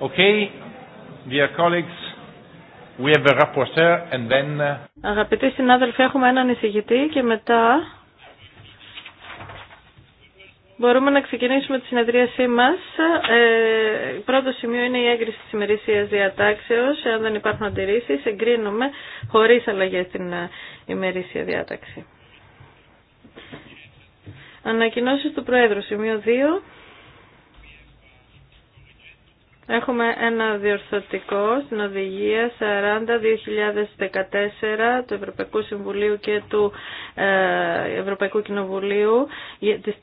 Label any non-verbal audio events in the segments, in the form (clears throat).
Okay, dear colleagues, we have rapporteur and then... Uh, Αγαπητοί συνάδελφοι, έχουμε έναν εισηγητή και μετά μπορούμε να ξεκινήσουμε τη συνεδρίασή μας. Ε, πρώτο σημείο είναι η έγκριση της ημερήσιας διατάξεως. Αν δεν υπάρχουν αντιρρήσεις, εγκρίνουμε χωρίς αλλαγές την ε, ημερήσια διάταξη. Ανακοινώσεις του Προέδρου, σημείο 2. Έχουμε ένα διορθωτικό στην οδηγία 40-2014 του Ευρωπαϊκού Συμβουλίου και του ε, Ευρωπαϊκού Κοινοβουλίου της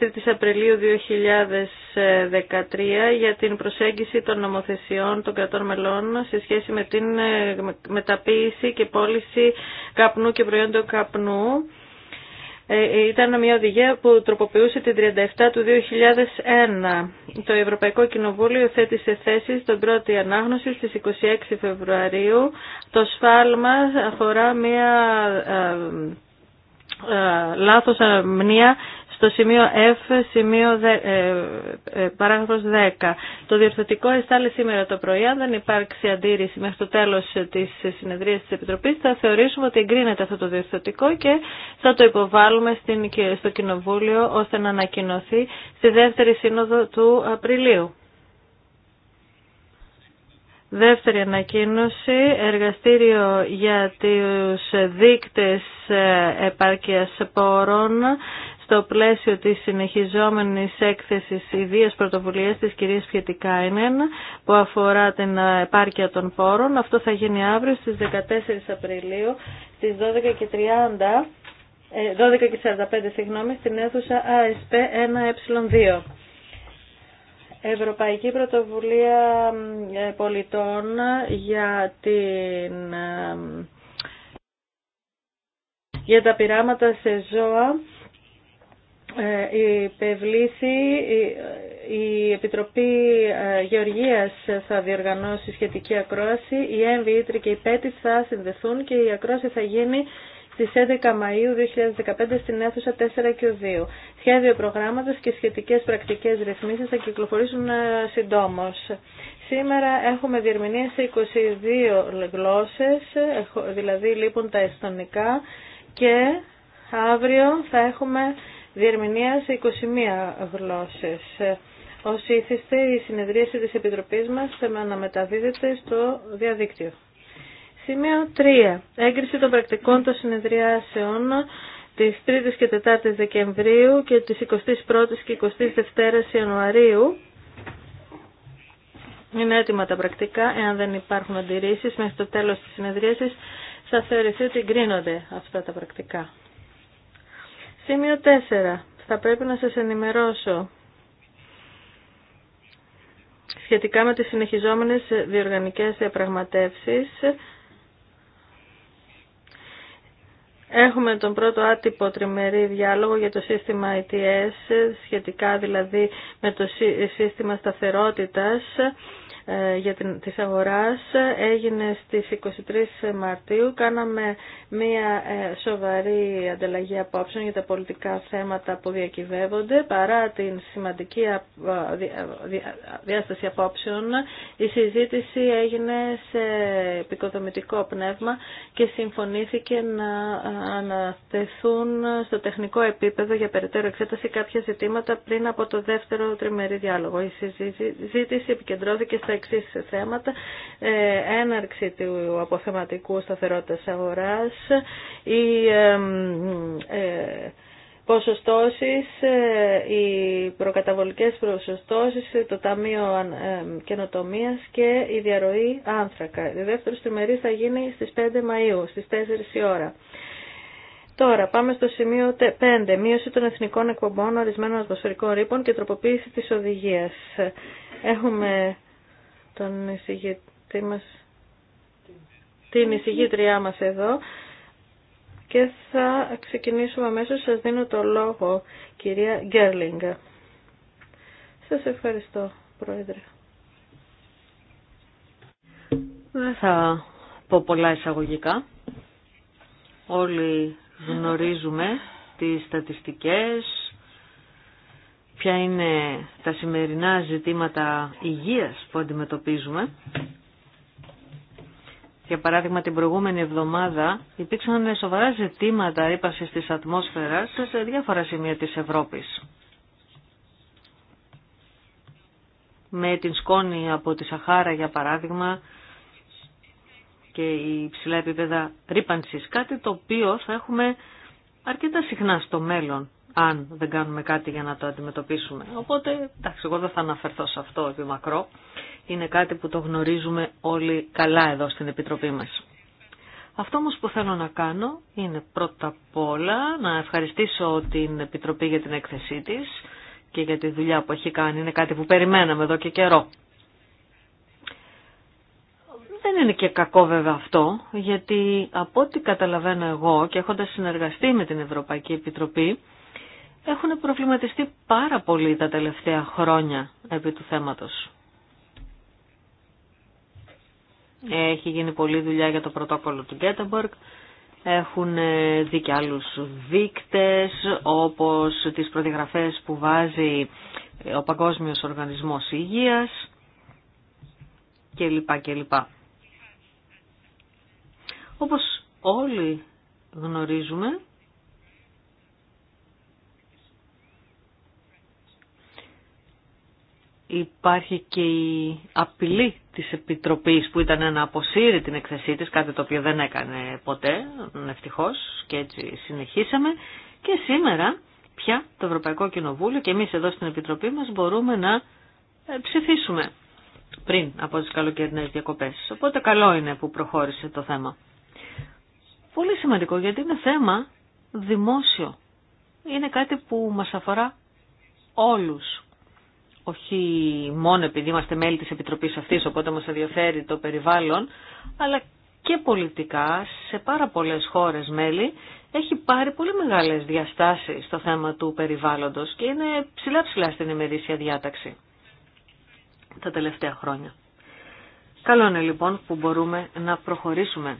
3ης Απριλίου 2013 για την προσέγγιση των νομοθεσιών των κρατών μελών σε σχέση με την ε, μεταποίηση και πώληση καπνού και προϊόντων καπνού ε, ήταν μια οδηγία που τροποποιούσε την 37 του 2001. Το Ευρωπαϊκό Κοινοβούλιο θέτησε θέση στον πρώτη ανάγνωση στις 26 Φεβρουαρίου. Το σφάλμα αφορά μια ε, ε, λάθος αμνία στο σημείο F, σημείο δε, ε, ε, παράγραφος 10. Το διορθωτικό εστάλει σήμερα το πρωί. Αν δεν υπάρξει αντίρρηση μέχρι το τέλος της συνεδρίας της Επιτροπής, θα θεωρήσουμε ότι εγκρίνεται αυτό το διορθωτικό και θα το υποβάλουμε στην, στο Κοινοβούλιο ώστε να ανακοινωθεί στη δεύτερη σύνοδο του Απριλίου. Δεύτερη ανακοίνωση, εργαστήριο για τους δείκτες ε, επάρκειας πόρων στο πλαίσιο της συνεχιζόμενης έκθεσης ιδίας πρωτοβουλίας της κυρίας Φιετικάινεν που αφορά την ε, επάρκεια των πόρων. Αυτό θα γίνει αύριο στις 14 Απριλίου στις 12.30 12.45 ε, συγγνώμη, στην αίθουσα ASP 1Ε2. Ευρωπαϊκή Πρωτοβουλία ε, Πολιτών για, την, για τα πειράματα σε ζώα υπευλήθη ε, η Επιτροπή ε, Γεωργίας θα διοργανώσει σχετική ακρόαση, η ΕΜΒΙΤΡΙ και η ΠΕΤΗ θα συνδεθούν και η ακρόαση θα γίνει στις 11 Μαΐου 2015 στην αίθουσα 4 και 2. Σχέδιο προγράμματος και σχετικές πρακτικές ρυθμίσεις θα κυκλοφορήσουν ε, συντόμως. Σήμερα έχουμε διερμηνία σε 22 γλώσσες, δηλαδή λείπουν τα εστονικά και αύριο θα έχουμε διερμηνία σε 21 γλώσσε. Όσοι ήθιστε, η συνεδρίαση της Επιτροπής μας θα αναμεταδίδεται στο διαδίκτυο. Σημείο 3. Έγκριση των πρακτικών των συνεδριάσεων της 3ης και 4ης Δεκεμβρίου και της 21ης και 22ης Ιανουαρίου. Είναι έτοιμα τα πρακτικά. Εάν δεν υπάρχουν αντιρρήσεις μέχρι το τέλος της συνεδρίασης, θα θεωρηθεί ότι εγκρίνονται αυτά τα πρακτικά. Σημείο 4. Θα πρέπει να σας ενημερώσω σχετικά με τις συνεχιζόμενες διοργανικές διαπραγματεύσεις. Έχουμε τον πρώτο άτυπο τριμερή διάλογο για το σύστημα ITS, σχετικά δηλαδή με το σύστημα σταθερότητας ε, για την, της αγοράς ε, έγινε στις 23 Μαρτίου. Κάναμε μια ε, σοβαρή ανταλλαγή απόψεων για τα πολιτικά θέματα που διακυβεύονται. Παρά την σημαντική διάσταση απόψεων, η συζήτηση έγινε σε επικοδομητικό πνεύμα και συμφωνήθηκε να αναθεθούν στο τεχνικό επίπεδο για περαιτέρω εξέταση κάποια ζητήματα πριν από το δεύτερο τριμερή διάλογο. Η συζήτηση επικεντρώθηκε στα εξή θέματα. Ε, έναρξη του αποθεματικού σταθερότητας αγοράς, η ε, ποσοστώσεις, ε, οι προκαταβολικές ποσοστώσεις, το Ταμείο Καινοτομίας και η διαρροή άνθρακα. Η δεύτερη στιγμερή θα γίνει στις 5 Μαΐου, στις 4 η ώρα. Τώρα πάμε στο σημείο 5. Μείωση των εθνικών εκπομπών ορισμένων ατμοσφαιρικών ρήπων και τροποποίηση της οδηγίας. Έχουμε τον εισηγητή μας, την εισηγήτριά μας εδώ και θα ξεκινήσουμε αμέσως. Σας δίνω το λόγο, κυρία Γκέρλιγκα. Σας ευχαριστώ, Πρόεδρε. Δεν θα πω πολλά εισαγωγικά. Όλοι γνωρίζουμε τις στατιστικές, ποια είναι τα σημερινά ζητήματα υγείας που αντιμετωπίζουμε. Για παράδειγμα την προηγούμενη εβδομάδα υπήρξαν σοβαρά ζητήματα ύπασης της ατμόσφαιρας σε διάφορα σημεία της Ευρώπης. Με την σκόνη από τη Σαχάρα για παράδειγμα και η υψηλά επίπεδα ρήπανσης, κάτι το οποίο θα έχουμε αρκετά συχνά στο μέλλον αν δεν κάνουμε κάτι για να το αντιμετωπίσουμε. Οπότε, εντάξει, εγώ δεν θα αναφερθώ σε αυτό επί μακρό. Είναι κάτι που το γνωρίζουμε όλοι καλά εδώ στην Επιτροπή μας. Αυτό όμως που θέλω να κάνω είναι πρώτα απ' όλα να ευχαριστήσω την Επιτροπή για την έκθεσή της και για τη δουλειά που έχει κάνει. Είναι κάτι που περιμέναμε εδώ και καιρό. Δεν είναι και κακό βέβαια αυτό, γιατί από ό,τι καταλαβαίνω εγώ και έχοντας συνεργαστεί με την Ευρωπαϊκή Επιτροπή, έχουν προβληματιστεί πάρα πολύ τα τελευταία χρόνια επί του θέματος. Έχει γίνει πολλή δουλειά για το πρωτόκολλο του Γκέτεμπορκ. Έχουν ε, δει και άλλους δείκτες, όπως τις προδιαγραφές που βάζει ε, ο Παγκόσμιος Οργανισμός Υγείας κλπ. κλπ. Όπως όλοι γνωρίζουμε, υπάρχει και η απειλή της Επιτροπής που ήταν να αποσύρει την εκθεσή της, κάτι το οποίο δεν έκανε ποτέ, ευτυχώς, και έτσι συνεχίσαμε. Και σήμερα πια το Ευρωπαϊκό Κοινοβούλιο και εμείς εδώ στην Επιτροπή μας μπορούμε να ε, ψηφίσουμε πριν από τις καλοκαιρινές διακοπές. Οπότε καλό είναι που προχώρησε το θέμα. Πολύ σημαντικό γιατί είναι θέμα δημόσιο. Είναι κάτι που μας αφορά όλους όχι μόνο επειδή είμαστε μέλη της Επιτροπής αυτής, οπότε μας ενδιαφέρει το περιβάλλον, αλλά και πολιτικά σε πάρα πολλές χώρες μέλη έχει πάρει πολύ μεγάλες διαστάσεις στο θέμα του περιβάλλοντος και είναι ψηλά ψηλά στην ημερήσια διάταξη τα τελευταία χρόνια. Καλό είναι λοιπόν που μπορούμε να προχωρήσουμε.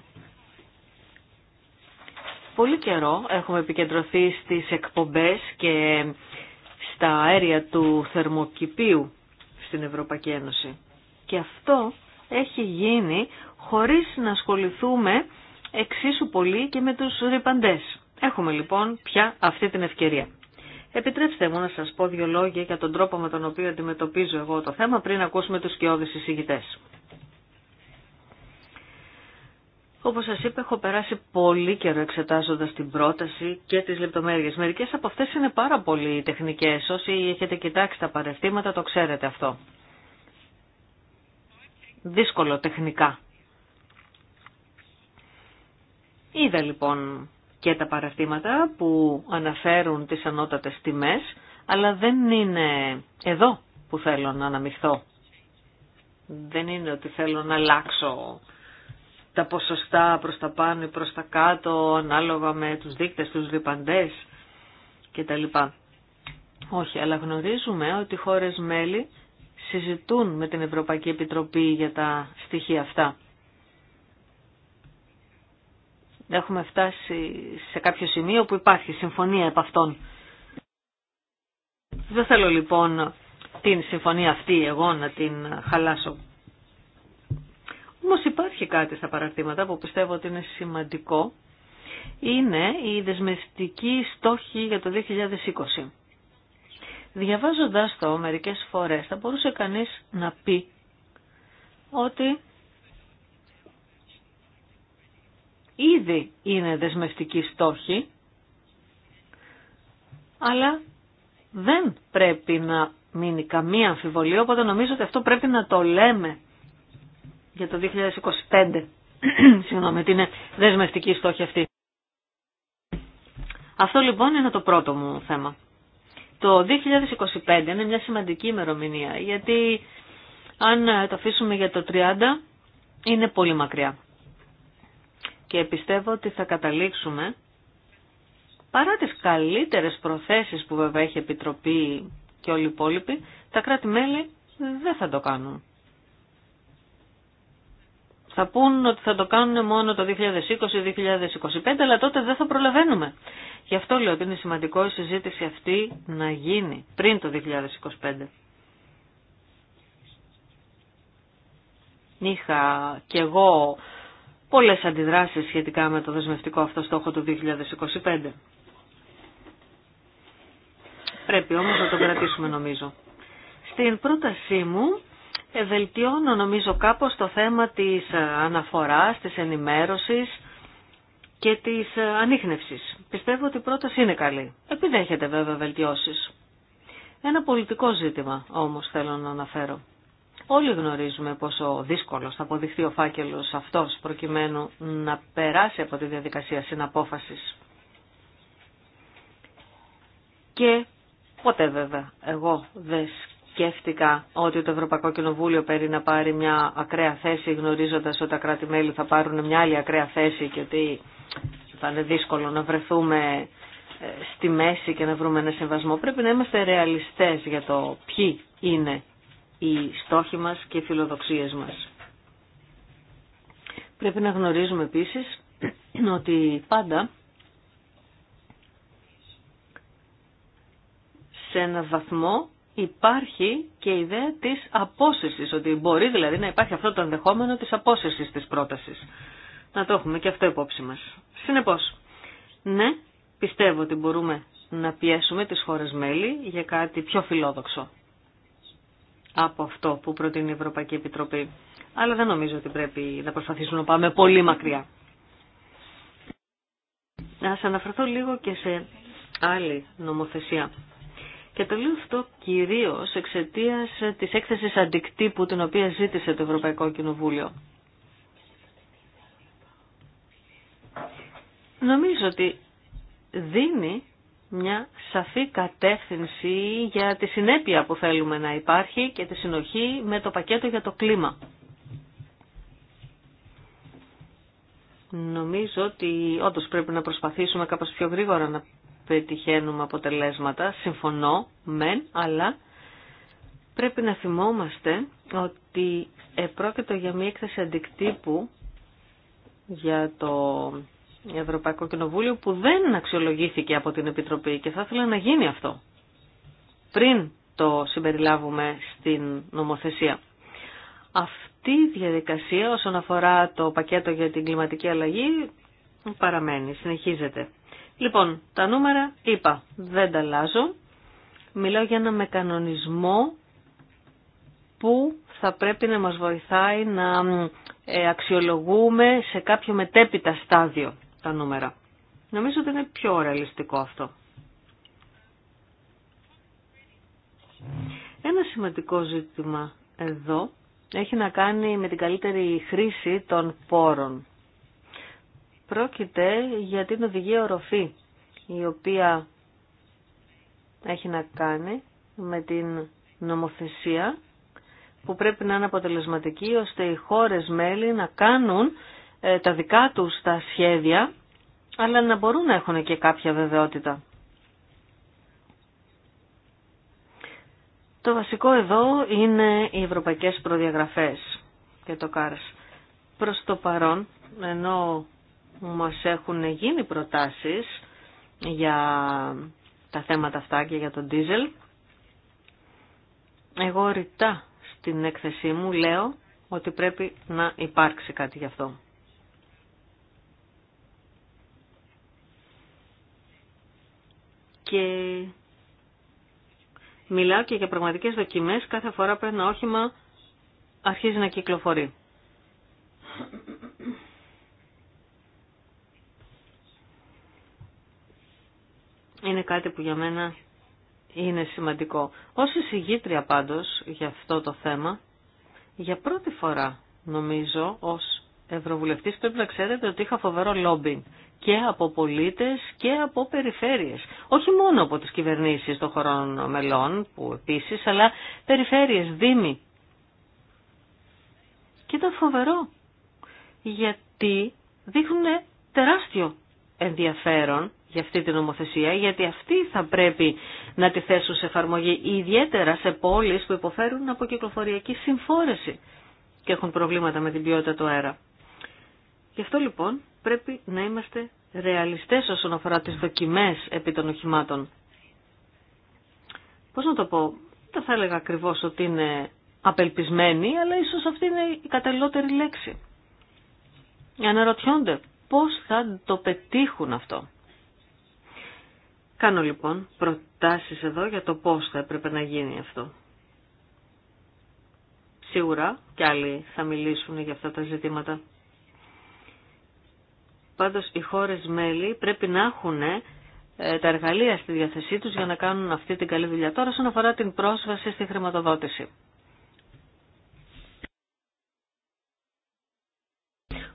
Πολύ καιρό έχουμε επικεντρωθεί στις εκπομπές και στα αέρια του θερμοκηπίου στην Ευρωπαϊκή Ένωση. Και αυτό έχει γίνει χωρίς να ασχοληθούμε εξίσου πολύ και με τους ρηπαντές. Έχουμε λοιπόν πια αυτή την ευκαιρία. Επιτρέψτε μου να σας πω δύο λόγια για τον τρόπο με τον οποίο αντιμετωπίζω εγώ το θέμα πριν ακούσουμε τους σκιώδεις εισηγητές. Όπως σας είπα, έχω περάσει πολύ καιρό εξετάζοντας την πρόταση και τις λεπτομέρειες. Μερικές από αυτές είναι πάρα πολύ τεχνικές. Όσοι έχετε κοιτάξει τα παρευθύματα το ξέρετε αυτό. Δύσκολο τεχνικά. Είδα λοιπόν και τα παραστήματα που αναφέρουν τις ανώτατες τιμές, αλλά δεν είναι εδώ που θέλω να αναμειχθώ. Δεν είναι ότι θέλω να αλλάξω τα ποσοστά προς τα πάνω ή προς τα κάτω, ανάλογα με τους δείκτες, τους λιπαντές κτλ. Όχι, αλλά γνωρίζουμε ότι οι χώρες μέλη συζητούν με την Ευρωπαϊκή Επιτροπή για τα στοιχεία αυτά. Έχουμε φτάσει σε κάποιο σημείο που υπάρχει συμφωνία επ' αυτών. Δεν θέλω λοιπόν την συμφωνία αυτή εγώ να την χαλάσω. Όμως υπάρχει κάτι στα παραρτήματα που πιστεύω ότι είναι σημαντικό. Είναι η δεσμευτική στόχη για το 2020. Διαβάζοντας το μερικές φορές θα μπορούσε κανείς να πει ότι ήδη είναι δεσμευτική στόχη, αλλά δεν πρέπει να μείνει καμία αμφιβολία, οπότε νομίζω ότι αυτό πρέπει να το λέμε για το 2025. (clears throat) Συγγνώμη, ότι είναι δεσμευτική η στόχη αυτή. Αυτό λοιπόν είναι το πρώτο μου θέμα. Το 2025 είναι μια σημαντική ημερομηνία, γιατί αν το αφήσουμε για το 30, είναι πολύ μακριά. Και πιστεύω ότι θα καταλήξουμε, παρά τις καλύτερες προθέσεις που βέβαια έχει Επιτροπή και όλοι οι υπόλοιποι, τα κράτη-μέλη δεν θα το κάνουν. Θα πούν ότι θα το κάνουν μόνο το 2020-2025, αλλά τότε δεν θα προλαβαίνουμε. Γι' αυτό λέω ότι είναι σημαντικό η συζήτηση αυτή να γίνει πριν το 2025. Είχα κι εγώ πολλές αντιδράσεις σχετικά με το δεσμευτικό αυτό στόχο του 2025. Πρέπει όμως να το κρατήσουμε νομίζω. Στην πρότασή μου Ευελτιώνω νομίζω κάπως το θέμα της ε, αναφοράς, της ενημέρωσης και της ε, ανείχνευσης. Πιστεύω ότι η πρόταση είναι καλή. Επιδέχεται βέβαια βελτιώσεις. Ένα πολιτικό ζήτημα όμως θέλω να αναφέρω. Όλοι γνωρίζουμε πόσο δύσκολος θα αποδειχθεί ο φάκελος αυτός προκειμένου να περάσει από τη διαδικασία συναπόφασης. Και ποτέ βέβαια εγώ δεν σκέφτηκα ότι το Ευρωπαϊκό Κοινοβούλιο παίρνει να πάρει μια ακραία θέση γνωρίζοντας ότι τα κράτη-μέλη θα πάρουν μια άλλη ακραία θέση και ότι θα είναι δύσκολο να βρεθούμε ε, στη μέση και να βρούμε ένα συμβασμό. Πρέπει να είμαστε ρεαλιστές για το ποιοι είναι οι στόχοι μας και οι φιλοδοξίες μας. Πρέπει να γνωρίζουμε επίσης ότι πάντα σε ένα βαθμό υπάρχει και η ιδέα της απόσυρσης, ότι μπορεί δηλαδή να υπάρχει αυτό το ενδεχόμενο της απόσυρσης της πρότασης. Να το έχουμε και αυτό υπόψη μας. Συνεπώς, ναι, πιστεύω ότι μπορούμε να πιέσουμε τις χώρες μέλη για κάτι πιο φιλόδοξο από αυτό που προτείνει η Ευρωπαϊκή Επιτροπή. Αλλά δεν νομίζω ότι πρέπει να προσπαθήσουμε να πάμε πολύ μακριά. Να σας αναφερθώ λίγο και σε άλλη νομοθεσία και το λέω αυτό κυρίως εξαιτία τη έκθεση αντικτύπου την οποία ζήτησε το Ευρωπαϊκό Κοινοβούλιο. Νομίζω ότι δίνει μια σαφή κατεύθυνση για τη συνέπεια που θέλουμε να υπάρχει και τη συνοχή με το πακέτο για το κλίμα. Νομίζω ότι όντω πρέπει να προσπαθήσουμε κάπως πιο γρήγορα να πετυχαίνουμε αποτελέσματα. Συμφωνώ, μεν, αλλά πρέπει να θυμόμαστε ότι επρόκειτο για μια έκθεση αντικτύπου για το Ευρωπαϊκό Κοινοβούλιο που δεν αξιολογήθηκε από την Επιτροπή και θα ήθελα να γίνει αυτό πριν το συμπεριλάβουμε στην νομοθεσία. Αυτή η διαδικασία όσον αφορά το πακέτο για την κλιματική αλλαγή παραμένει, συνεχίζεται. Λοιπόν, τα νούμερα είπα, δεν τα αλλάζω. Μιλάω για ένα μεκανονισμό που θα πρέπει να μας βοηθάει να ε, αξιολογούμε σε κάποιο μετέπειτα στάδιο τα νούμερα. Νομίζω ότι είναι πιο ρεαλιστικό αυτό. Ένα σημαντικό ζήτημα εδώ έχει να κάνει με την καλύτερη χρήση των πόρων. Πρόκειται για την οδηγία οροφή, η οποία έχει να κάνει με την νομοθεσία που πρέπει να είναι αποτελεσματική ώστε οι χώρες μέλη να κάνουν ε, τα δικά τους τα σχέδια αλλά να μπορούν να έχουν και κάποια βεβαιότητα. Το βασικό εδώ είναι οι ευρωπαϊκές προδιαγραφές και το ΚΑΡΣ. Προς το παρόν, ενώ μας έχουν γίνει προτάσεις για τα θέματα αυτά και για τον ντίζελ. Εγώ ρητά στην έκθεσή μου λέω ότι πρέπει να υπάρξει κάτι γι' αυτό. Και μιλάω και για πραγματικές δοκιμές κάθε φορά που ένα όχημα αρχίζει να κυκλοφορεί. είναι κάτι που για μένα είναι σημαντικό. Ως εισηγήτρια πάντως για αυτό το θέμα, για πρώτη φορά νομίζω ως Ευρωβουλευτής πρέπει να ξέρετε ότι είχα φοβερό λόμπινγκ και από πολίτες και από περιφέρειες. Όχι μόνο από τις κυβερνήσεις των χωρών μελών που επίσης, αλλά περιφέρειες, δήμοι. Και ήταν φοβερό γιατί δείχνουν τεράστιο ενδιαφέρον για αυτή την νομοθεσία, γιατί αυτοί θα πρέπει να τη θέσουν σε εφαρμογή, ιδιαίτερα σε πόλεις που υποφέρουν από κυκλοφοριακή συμφόρεση και έχουν προβλήματα με την ποιότητα του αέρα. Γι' αυτό λοιπόν πρέπει να είμαστε ρεαλιστές όσον αφορά τις δοκιμές επί των οχημάτων. Πώς να το πω, δεν θα έλεγα ακριβώς ότι είναι απελπισμένοι, αλλά ίσως αυτή είναι η καταλληλότερη λέξη. Αναρωτιόνται πώς θα το πετύχουν αυτό. Κάνω λοιπόν προτάσεις εδώ για το πώς θα έπρεπε να γίνει αυτό. Σίγουρα και άλλοι θα μιλήσουν για αυτά τα ζητήματα. Πάντως οι χώρες μέλη πρέπει να έχουν ε, τα εργαλεία στη διαθεσή τους για να κάνουν αυτή την καλή δουλειά. Τώρα, όσον αφορά την πρόσβαση στη χρηματοδότηση.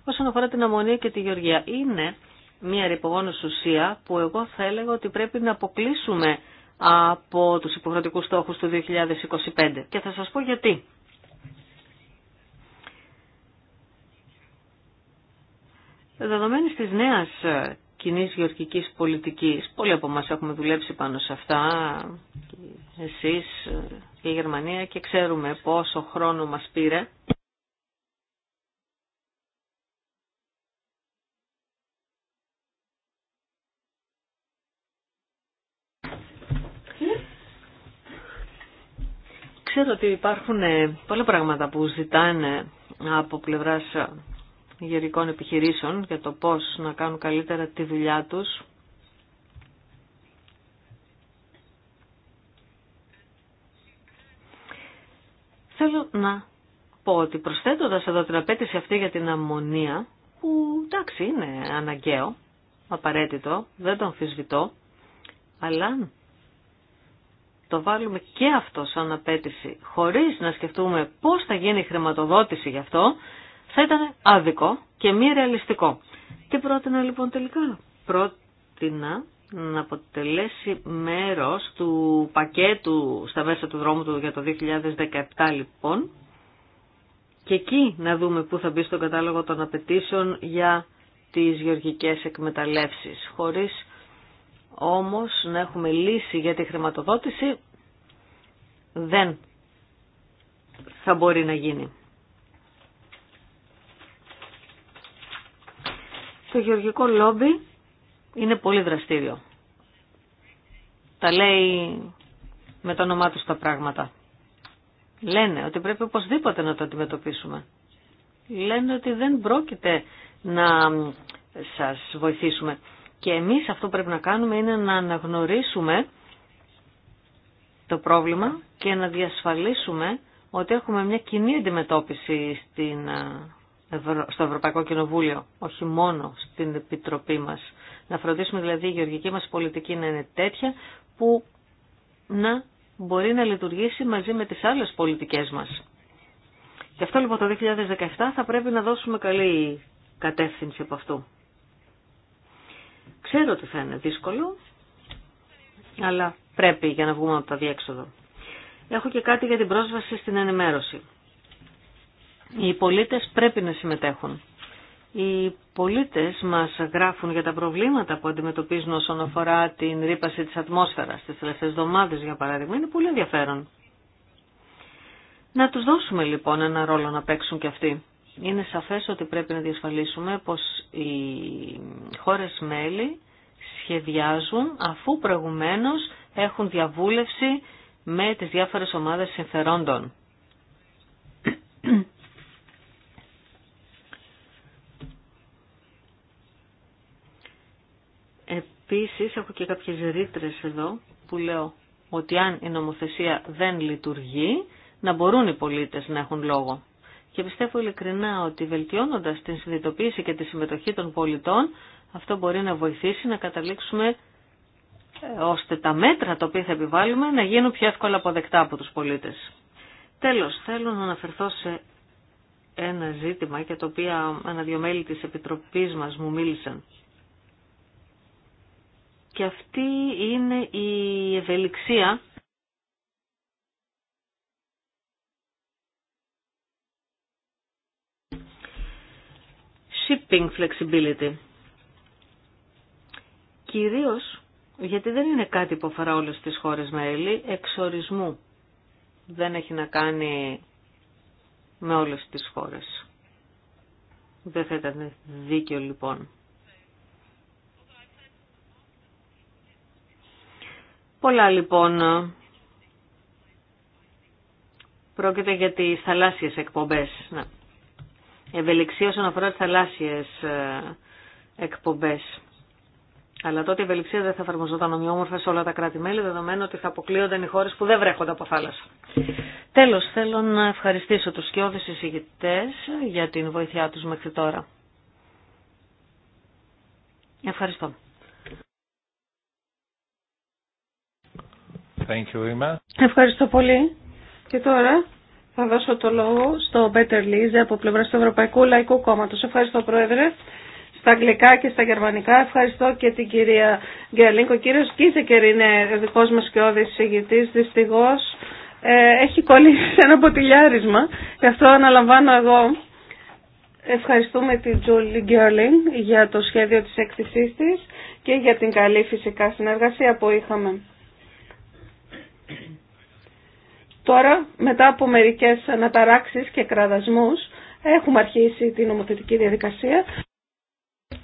Όσον αφορά την αμμονία και τη γεωργία, είναι μια ρηπογόνος ουσία που εγώ θα έλεγα ότι πρέπει να αποκλείσουμε από τους υποχρεωτικούς στόχους του 2025. Και θα σας πω γιατί. Δεδομένης της νέας ε, κοινή γεωργικής πολιτικής, πολλοί από εμά έχουμε δουλέψει πάνω σε αυτά, εσείς ε, και η Γερμανία, και ξέρουμε πόσο χρόνο μας πήρε Ξέρω ότι υπάρχουν ε, πολλά πράγματα που ζητάνε από πλευράς ε, γερικών επιχειρήσεων για το πώς να κάνουν καλύτερα τη δουλειά τους. Θέλω να πω ότι προσθέτοντας εδώ την απέτηση αυτή για την αμμονία, που εντάξει είναι αναγκαίο, απαραίτητο, δεν το αμφισβητώ, αλλά το βάλουμε και αυτό σαν απέτηση, χωρίς να σκεφτούμε πώς θα γίνει η χρηματοδότηση γι' αυτό, θα ήταν άδικο και μη ρεαλιστικό. Τι πρότεινα λοιπόν τελικά. Πρότεινα να αποτελέσει μέρος του πακέτου στα μέσα του δρόμου του για το 2017 λοιπόν και εκεί να δούμε πού θα μπει στον κατάλογο των απαιτήσεων για τις γεωργικές εκμεταλλεύσεις χωρίς όμως να έχουμε λύση για τη χρηματοδότηση δεν θα μπορεί να γίνει. Το γεωργικό λόμπι είναι πολύ δραστήριο. Τα λέει με το όνομά του τα πράγματα. Λένε ότι πρέπει οπωσδήποτε να το αντιμετωπίσουμε. Λένε ότι δεν πρόκειται να σας βοηθήσουμε. Και εμείς αυτό που πρέπει να κάνουμε είναι να αναγνωρίσουμε το πρόβλημα και να διασφαλίσουμε ότι έχουμε μια κοινή αντιμετώπιση στην, ε, στο Ευρωπαϊκό Κοινοβούλιο, όχι μόνο στην Επιτροπή μας. Να φροντίσουμε δηλαδή η γεωργική μας πολιτική να είναι τέτοια που να μπορεί να λειτουργήσει μαζί με τις άλλες πολιτικές μας. Γι' αυτό λοιπόν το 2017 θα πρέπει να δώσουμε καλή κατεύθυνση από αυτού. Ξέρω ότι θα είναι δύσκολο, αλλά πρέπει για να βγούμε από τα διέξοδο. Έχω και κάτι για την πρόσβαση στην ενημέρωση. Οι πολίτες πρέπει να συμμετέχουν. Οι πολίτες μας γράφουν για τα προβλήματα που αντιμετωπίζουν όσον αφορά την ρήπαση της ατμόσφαιρας τις τελευταίες εβδομάδε, για παράδειγμα. Είναι πολύ ενδιαφέρον. Να τους δώσουμε λοιπόν ένα ρόλο να παίξουν κι αυτοί είναι σαφές ότι πρέπει να διασφαλίσουμε πως οι χώρες μέλη σχεδιάζουν αφού προηγουμένως έχουν διαβούλευση με τις διάφορες ομάδες συμφερόντων. Επίσης έχω και κάποιες ρήτρε εδώ που λέω ότι αν η νομοθεσία δεν λειτουργεί να μπορούν οι πολίτες να έχουν λόγο. Και πιστεύω ειλικρινά ότι βελτιώνοντας την συνειδητοποίηση και τη συμμετοχή των πολιτών, αυτό μπορεί να βοηθήσει να καταλήξουμε ε, ώστε τα μέτρα τα οποία θα επιβάλλουμε να γίνουν πιο εύκολα αποδεκτά από τους πολίτες. Τέλος, θέλω να αναφερθώ σε ένα ζήτημα για το οποίο μέλη της Επιτροπής μας μου μίλησαν. Και αυτή είναι η ευελιξία shipping flexibility. Κυρίως γιατί δεν είναι κάτι που αφορά όλες τις χώρες μέλη εξορισμού. Δεν έχει να κάνει με όλες τις χώρες. Δεν θα ήταν δίκαιο λοιπόν. Πολλά λοιπόν πρόκειται για τις θαλάσσιες εκπομπές ευελιξία όσον αφορά τι θαλάσσιε ε, εκπομπές. Αλλά τότε η ευελιξία δεν θα εφαρμοζόταν ομοιόμορφα σε όλα τα κράτη-μέλη, δεδομένου ότι θα αποκλείονταν οι χώρε που δεν βρέχονται από θάλασσα. Τέλο, θέλω να ευχαριστήσω του σκιώδει εισηγητέ για την βοήθειά του μέχρι τώρα. Ευχαριστώ. Thank you, Ευχαριστώ πολύ. Και τώρα θα δώσω το λόγο στο Better Λίζε από πλευρά του Ευρωπαϊκού Λαϊκού Κόμματο. Ευχαριστώ, Πρόεδρε. Στα αγγλικά και στα γερμανικά. Ευχαριστώ και την κυρία Γκέλινγκ. Ο κύριο Κίζεκερ είναι δικό μα και όδη Δυστυχώ ε, έχει κολλήσει ένα ποτηλιάρισμα. Γι' αυτό αναλαμβάνω εγώ. Ευχαριστούμε την Τζούλη Γκέρλινγκ για το σχέδιο τη έκθεσή τη και για την καλή φυσικά συνεργασία που είχαμε. Τώρα, μετά από μερικές αναταράξεις και κραδασμούς, έχουμε αρχίσει την νομοθετική διαδικασία.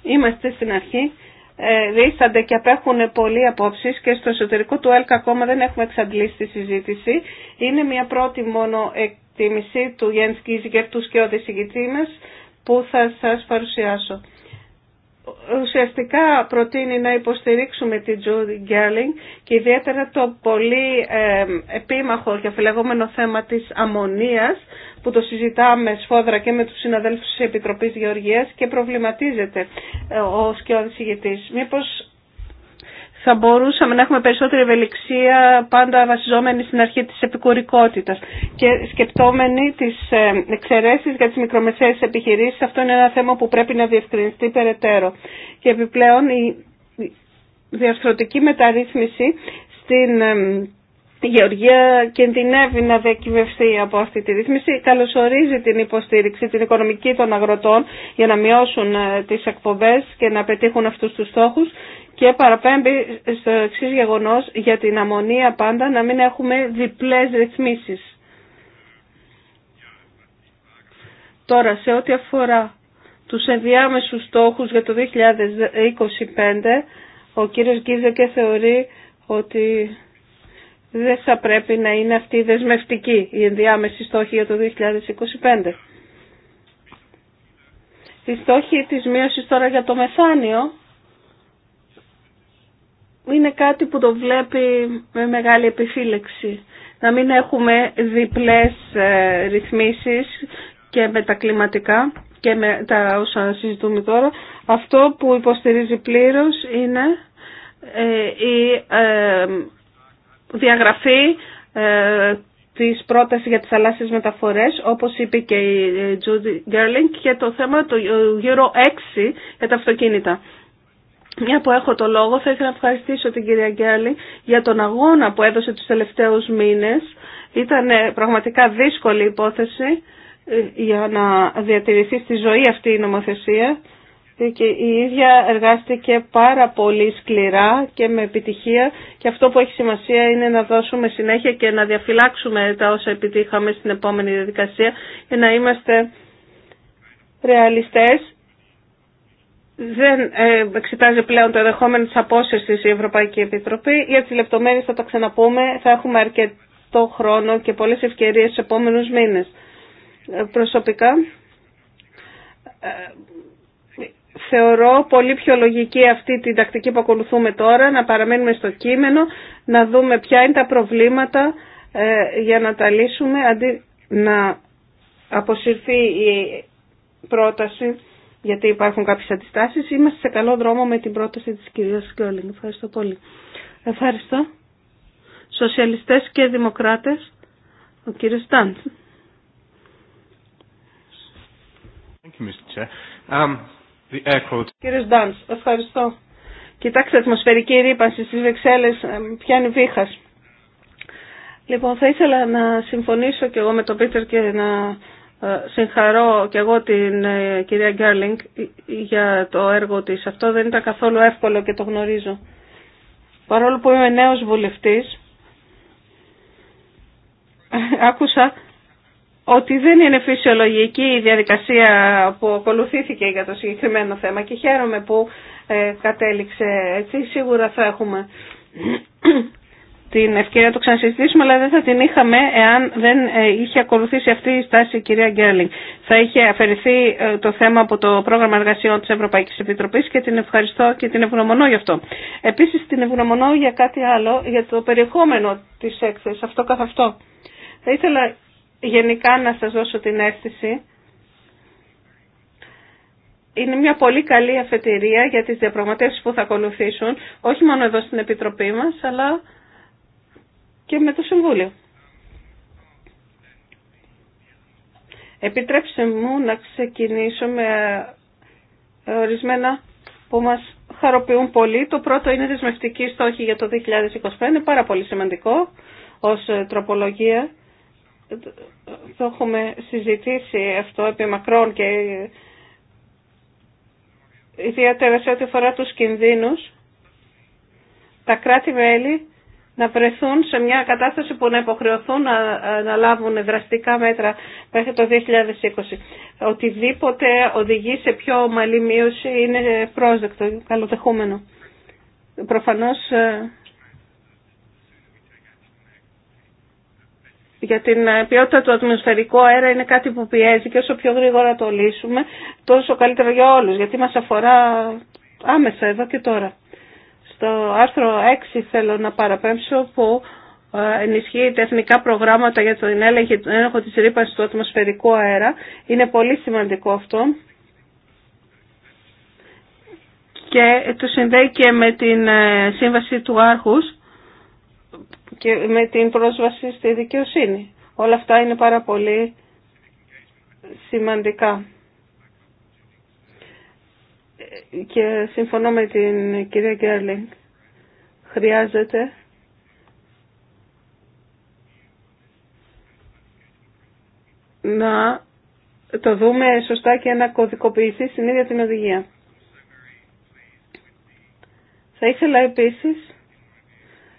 Είμαστε στην αρχή. Ε, δίστανται και απέχουν πολλοί απόψει και στο εσωτερικό του Έλκα ακόμα δεν έχουμε εξαντλήσει τη συζήτηση. Είναι μια πρώτη μόνο εκτίμηση του Γιάννη και του σκιώδη συγκητή μα, που θα σα παρουσιάσω ουσιαστικά προτείνει να υποστηρίξουμε την Τζούδι Γκέρλινγκ και ιδιαίτερα το πολύ ε, επίμαχο και αφιλεγόμενο θέμα της αμμονίας που το συζητάμε σφόδρα και με τους συναδέλφους της Επιτροπής Γεωργίας και προβληματίζεται ε, ο σκιώδης Μήπως θα μπορούσαμε να έχουμε περισσότερη ευελιξία πάντα βασιζόμενη στην αρχή της επικουρικότητας και σκεπτόμενη τις ε, εξαιρέσεις για τις μικρομεσαίες επιχειρήσεις. Αυτό είναι ένα θέμα που πρέπει να διευκρινιστεί περαιτέρω. Και επιπλέον η διαρθρωτική μεταρρύθμιση στην ε, η Γεωργία κινδυνεύει να διακυβευτεί από αυτή τη ρύθμιση. Καλωσορίζει την υποστήριξη, την οικονομική των αγροτών για να μειώσουν ε, τις εκπομπές και να πετύχουν αυτούς τους στόχους και παραπέμπει στο εξή γεγονό για την αμμονία πάντα να μην έχουμε διπλές ρυθμίσει. Τώρα σε ό,τι αφορά τους ενδιάμεσους στόχους για το 2025 ο κύριος Γκίζεκε θεωρεί ότι δεν θα πρέπει να είναι αυτή η δεσμευτική η ενδιάμεση στόχη για το 2025. Οι στόχοι της μείωσης τώρα για το μεθάνιο είναι κάτι που το βλέπει με μεγάλη επιφύλεξη. Να μην έχουμε διπλές ε, ρυθμίσεις και με τα κλιματικά και με τα όσα συζητούμε τώρα. Αυτό που υποστηρίζει πλήρως είναι ε, η ε, διαγραφή της πρόταση για τις θαλάσσιες μεταφορές, όπως είπε και η Judy Gerling, και το θέμα του γύρω 6 για τα αυτοκίνητα. Μια που έχω το λόγο, θα ήθελα να ευχαριστήσω την κυρία Γκέρλι για τον αγώνα που έδωσε τους τελευταίους μήνες. Ήταν πραγματικά δύσκολη υπόθεση ε, για να διατηρηθεί στη ζωή αυτή η νομοθεσία ε, και η ίδια εργάστηκε πάρα πολύ σκληρά και με επιτυχία και αυτό που έχει σημασία είναι να δώσουμε συνέχεια και να διαφυλάξουμε τα όσα επιτύχαμε στην επόμενη διαδικασία και να είμαστε ρεαλιστές δεν ε, εξετάζει πλέον το ενδεχόμενο της απόσυρσης η Ευρωπαϊκή Επιτροπή. Για τις λεπτομέρειες θα τα ξαναπούμε. Θα έχουμε αρκετό χρόνο και πολλές ευκαιρίες στους επόμενους μήνες. Ε, προσωπικά ε, θεωρώ πολύ πιο λογική αυτή την τακτική που ακολουθούμε τώρα, να παραμένουμε στο κείμενο, να δούμε ποια είναι τα προβλήματα για να τα λύσουμε, αντί να αποσυρθεί η πρόταση γιατί υπάρχουν κάποιες αντιστάσεις. Είμαστε σε καλό δρόμο με την πρόταση της κυρίας Σκιόλινγκ. Ευχαριστώ πολύ. Ευχαριστώ. Σοσιαλιστές και Δημοκράτες, ο κύριος Στάντ. Κύριε Ντάνς, ευχαριστώ. Κοιτάξτε, ατμοσφαιρική ρήπανση στις Βεξέλλες πιάνει βήχας. Λοιπόν, θα ήθελα να συμφωνήσω και εγώ με τον Πίτερ και να ε, συγχαρώ και εγώ την ε, κυρία Γκέρλινγκ για το έργο της. Αυτό δεν ήταν καθόλου εύκολο και το γνωρίζω. Παρόλο που είμαι νέος βουλευτής, (laughs) άκουσα ότι δεν είναι φυσιολογική η διαδικασία που ακολουθήθηκε για το συγκεκριμένο θέμα και χαίρομαι που ε, κατέληξε έτσι. Σίγουρα θα έχουμε την ευκαιρία να το ξανασυζητήσουμε, αλλά δεν θα την είχαμε εάν δεν ε, είχε ακολουθήσει αυτή η στάση η κυρία Γκέρλινγκ. Θα είχε αφαιρεθεί ε, το θέμα από το πρόγραμμα εργασιών της Ευρωπαϊκής Επιτροπής και την ευχαριστώ και την ευγνωμονώ γι' αυτό. Επίσης την ευγνωμονώ για κάτι άλλο, για το περιεχόμενο της έκθεσης, αυτό καθ' αυτό. Θα ήθελα γενικά να σας δώσω την αίσθηση είναι μια πολύ καλή αφετηρία για τις διαπραγματεύσεις που θα ακολουθήσουν, όχι μόνο εδώ στην Επιτροπή μας, αλλά και με το Συμβούλιο. Επιτρέψτε μου να ξεκινήσω με ε, ορισμένα που μας χαροποιούν πολύ. Το πρώτο είναι δεσμευτική στόχη για το 2025, είναι πάρα πολύ σημαντικό ως ε, τροπολογία. Το έχουμε συζητήσει αυτό επί μακρόν και ε, ιδιαίτερα σε ό,τι αφορά τους κινδύνους. Τα κράτη-μέλη να βρεθούν σε μια κατάσταση που να υποχρεωθούν να, να λάβουν δραστικά μέτρα μέχρι το 2020. Οτιδήποτε οδηγεί σε πιο ομαλή μείωση είναι πρόσδεκτο, καλοδεχούμενο. Προφανώς ε, για την ποιότητα του ατμοσφαιρικού αέρα είναι κάτι που πιέζει και όσο πιο γρήγορα το λύσουμε τόσο καλύτερα για όλους γιατί μας αφορά άμεσα εδώ και τώρα. Το άρθρο 6 θέλω να παραπέμψω που ε, ενισχύει τα εθνικά προγράμματα για τον έλεγχο της ρήπανσης του ατμοσφαιρικού αέρα. Είναι πολύ σημαντικό αυτό. Και το συνδέει και με την ε, σύμβαση του Άρχους και με την πρόσβαση στη δικαιοσύνη. Όλα αυτά είναι πάρα πολύ σημαντικά και συμφωνώ με την κυρία Γκέρλινγκ. Χρειάζεται να το δούμε σωστά και να κωδικοποιηθεί στην ίδια την οδηγία. Θα ήθελα επίσης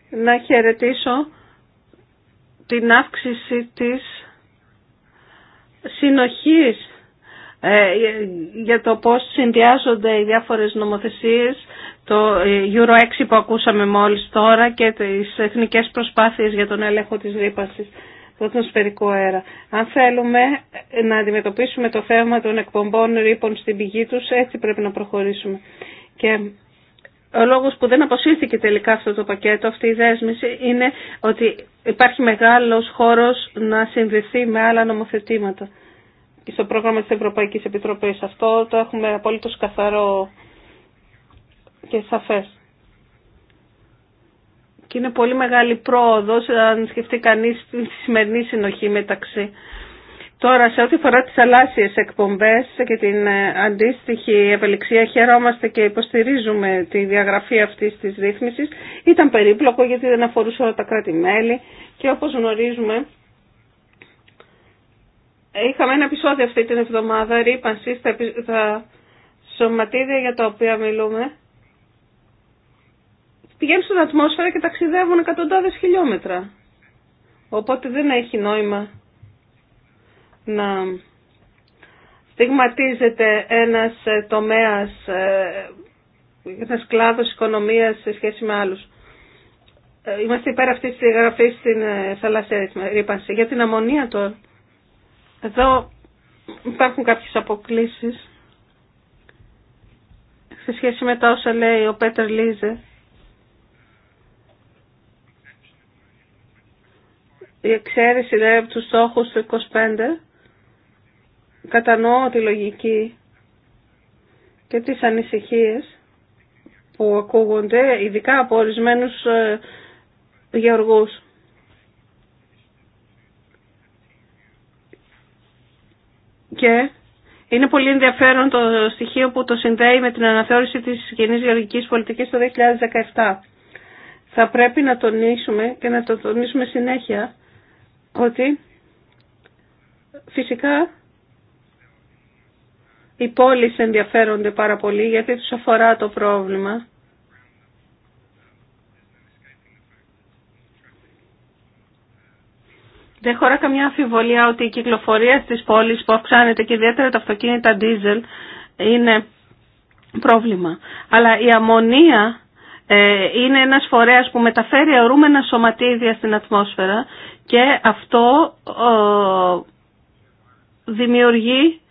να χαιρετήσω την αύξηση της συνοχής ε, για το πώς συνδυάζονται οι διάφορες νομοθεσίες, το ε, Euro 6 που ακούσαμε μόλις τώρα και τις εθνικές προσπάθειες για τον έλεγχο της ρήπασης του ατμοσφαιρικού αέρα. Αν θέλουμε να αντιμετωπίσουμε το θέμα των εκπομπών ρήπων στην πηγή τους, έτσι πρέπει να προχωρήσουμε. Και ο λόγος που δεν αποσύρθηκε τελικά αυτό το πακέτο, αυτή η δέσμηση, είναι ότι υπάρχει μεγάλος χώρος να συνδεθεί με άλλα νομοθετήματα στο πρόγραμμα της Ευρωπαϊκής Επιτροπής. Αυτό το έχουμε απόλυτο καθαρό και σαφές. Και είναι πολύ μεγάλη πρόοδος αν σκεφτεί κανείς τη σημερινή συνοχή μεταξύ. Τώρα σε ό,τι φορά τις αλάσσιες εκπομπές και την ε, αντίστοιχη ευελιξία χαιρόμαστε και υποστηρίζουμε τη διαγραφή αυτής της ρύθμισης. Ήταν περίπλοκο γιατί δεν αφορούσε όλα τα κράτη-μέλη και όπως γνωρίζουμε Είχαμε ένα επεισόδιο αυτή την εβδομάδα, ρήπανση στα, σωματίδια για τα οποία μιλούμε. Πηγαίνουν στην ατμόσφαιρα και ταξιδεύουν εκατοντάδες χιλιόμετρα. Οπότε δεν έχει νόημα να στιγματίζεται ένας ε, τομέας, ε, ένας κλάδος οικονομίας σε σχέση με άλλους. Ε, είμαστε υπέρ αυτής της γραφής στην θαλάσσια ρήπανση. Για την αμμονία τώρα. Εδώ υπάρχουν κάποιες αποκλήσεις σε σχέση με τα όσα λέει ο Πέτερ Λίζε. Η εξαίρεση λέει από τους στόχους του 25. Κατανοώ τη λογική και τις ανησυχίες που ακούγονται, ειδικά από ορισμένου ε, γεωργούς. Και είναι πολύ ενδιαφέρον το στοιχείο που το συνδέει με την αναθεώρηση της κοινή γεωργικής πολιτικής το 2017. Θα πρέπει να τονίσουμε και να το τονίσουμε συνέχεια ότι φυσικά οι πόλεις ενδιαφέρονται πάρα πολύ γιατί τους αφορά το πρόβλημα Δεν χωρά καμιά αμφιβολία ότι η κυκλοφορία στις πόλεις που αυξάνεται και ιδιαίτερα τα αυτοκίνητα diesel είναι πρόβλημα. Αλλά η αμμονία ε, είναι ένας φορέας που μεταφέρει αρουμένα σωματίδια στην ατμόσφαιρα και αυτό ε, δημιουργεί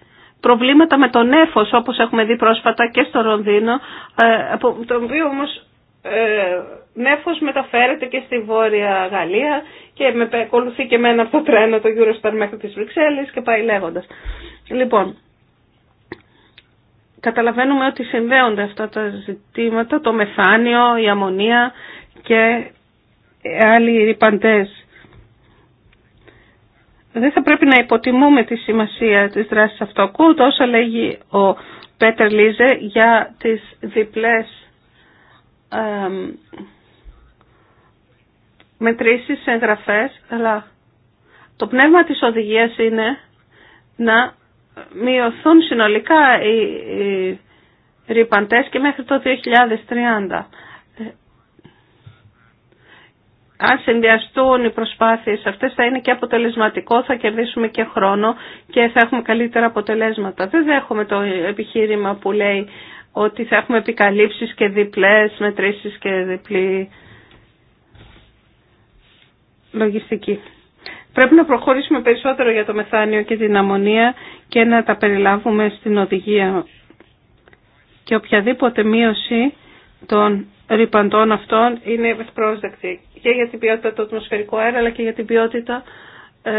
προβλήματα με τον έφος όπως έχουμε δει πρόσφατα και στο Ρονδίνο, ε, το οποίο όμως ε, νέφος μεταφέρεται και στη Βόρεια Γαλλία και με ακολουθεί και εμένα από το τρένο το Eurostar μέχρι τις Βρυξέλλες και πάει λέγοντας. Λοιπόν, καταλαβαίνουμε ότι συνδέονται αυτά τα ζητήματα, το μεθάνιο, η αμμονία και άλλοι ρηπαντές. Δεν θα πρέπει να υποτιμούμε τη σημασία της δράσης αυτοκού, όσο λέγει ο Πέτερ Λίζε για τις διπλές μετρήσεις, εγγραφές, αλλά το πνεύμα της οδηγίας είναι να μειωθούν συνολικά οι ρηπαντές και μέχρι το 2030. Αν συνδυαστούν οι προσπάθειες αυτές θα είναι και αποτελεσματικό, θα κερδίσουμε και χρόνο και θα έχουμε καλύτερα αποτελέσματα. Δεν δέχομαι το επιχείρημα που λέει ότι θα έχουμε επικαλύψεις και διπλές μετρήσεις και διπλή λογιστική. Πρέπει να προχωρήσουμε περισσότερο για το μεθάνιο και την αμμονία και να τα περιλάβουμε στην οδηγία. Και οποιαδήποτε μείωση των ρηπαντών αυτών είναι ευπρόσδεκτη και για την ποιότητα του ατμοσφαιρικού αέρα αλλά και για την ποιότητα ε,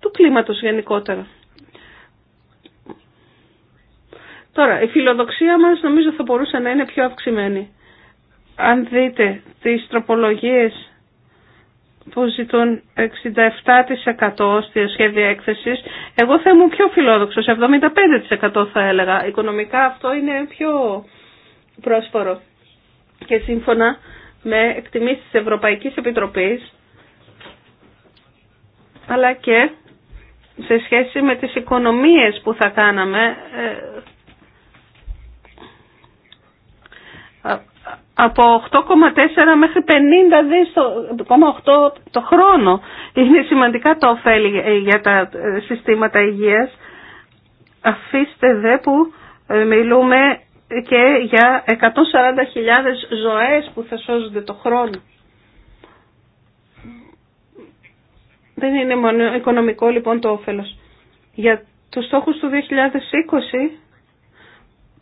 του κλίματος γενικότερα. Τώρα, η φιλοδοξία μας νομίζω θα μπορούσε να είναι πιο αυξημένη. Αν δείτε τις τροπολογίες που ζητούν 67% στη σχέδια έκθεσης, εγώ θα ήμουν πιο φιλόδοξος, 75% θα έλεγα. Οικονομικά αυτό είναι πιο πρόσφορο. Και σύμφωνα με εκτιμήσεις της Ευρωπαϊκής Επιτροπής, αλλά και σε σχέση με τις οικονομίες που θα κάναμε, ε, από 8,4 μέχρι 50 δις το, το χρόνο. Είναι σημαντικά το ωφέλη ε, για τα ε, συστήματα υγείας. Αφήστε δε που ε, μιλούμε και για 140.000 ζωές που θα σώζονται το χρόνο. Δεν είναι μόνο οικονομικό λοιπόν το όφελος. Για τους στόχους του 2020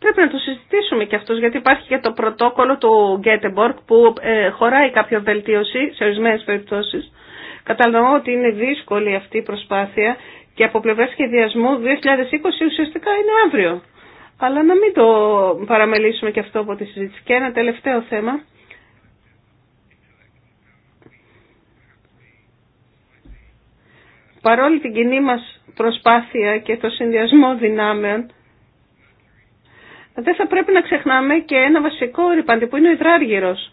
Πρέπει να το συζητήσουμε και αυτός, γιατί υπάρχει και το πρωτόκολλο του Γκέτεμπορκ που ε, χωράει κάποια βελτίωση σε ορισμένε περιπτώσει. Καταλαβαίνω ότι είναι δύσκολη αυτή η προσπάθεια και από πλευρά σχεδιασμού 2020 ουσιαστικά είναι αύριο. Αλλά να μην το παραμελήσουμε και αυτό από τη συζήτηση. Και ένα τελευταίο θέμα. Παρόλη την κοινή μας προσπάθεια και το συνδυασμό δυνάμεων, δεν θα πρέπει να ξεχνάμε και ένα βασικό ρηπαντι που είναι ο υδράργυρος.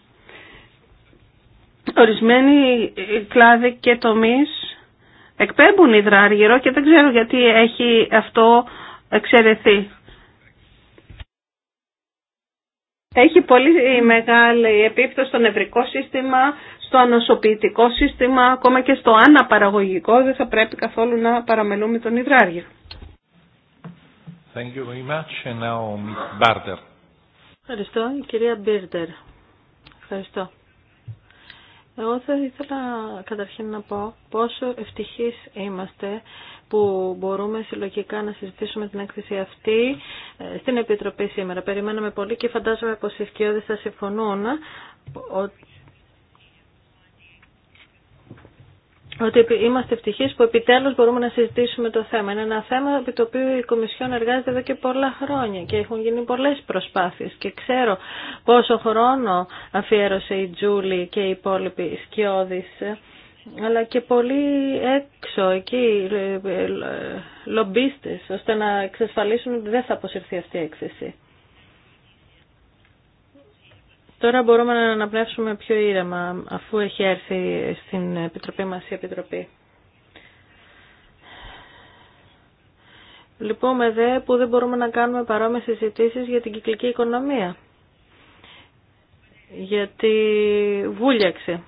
Ορισμένοι ε, κλάδοι και τομείς εκπέμπουν υδράργυρο και δεν ξέρω γιατί έχει αυτό εξαιρεθεί. Έχει πολύ μεγάλη επίπτωση στο νευρικό σύστημα, στο ανοσοποιητικό σύστημα, ακόμα και στο αναπαραγωγικό. Δεν θα πρέπει καθόλου να παραμελούμε τον υδράργυρο. Thank you very much. And now, Ms. Barter. Ευχαριστώ, η κυρία Μπίρτερ. Ευχαριστώ. Εγώ θα ήθελα καταρχήν να πω πόσο ευτυχείς είμαστε που μπορούμε συλλογικά να συζητήσουμε την έκθεση αυτή ε, στην Επιτροπή σήμερα. Περιμέναμε πολύ και φαντάζομαι πως οι σκιώδες θα συμφωνούν ότι είμαστε ευτυχεί που επιτέλους μπορούμε να συζητήσουμε το θέμα. Είναι ένα θέμα επί το οποίο η Κομισιόν εργάζεται εδώ και πολλά χρόνια και έχουν γίνει πολλές προσπάθειες και ξέρω πόσο χρόνο αφιέρωσε η Τζούλη και οι υπόλοιποι σκιώδει, αλλά και πολλοί έξω εκεί ε, ε, λομπίστε, ώστε να εξασφαλίσουν ότι δεν θα αποσυρθεί αυτή η έκθεση. Τώρα μπορούμε να αναπνεύσουμε πιο ήρεμα αφού έχει έρθει στην Επιτροπή μας η Επιτροπή. με δε που δεν μπορούμε να κάνουμε παρόμοιες συζητήσεις για την κυκλική οικονομία. Γιατί βούλιαξε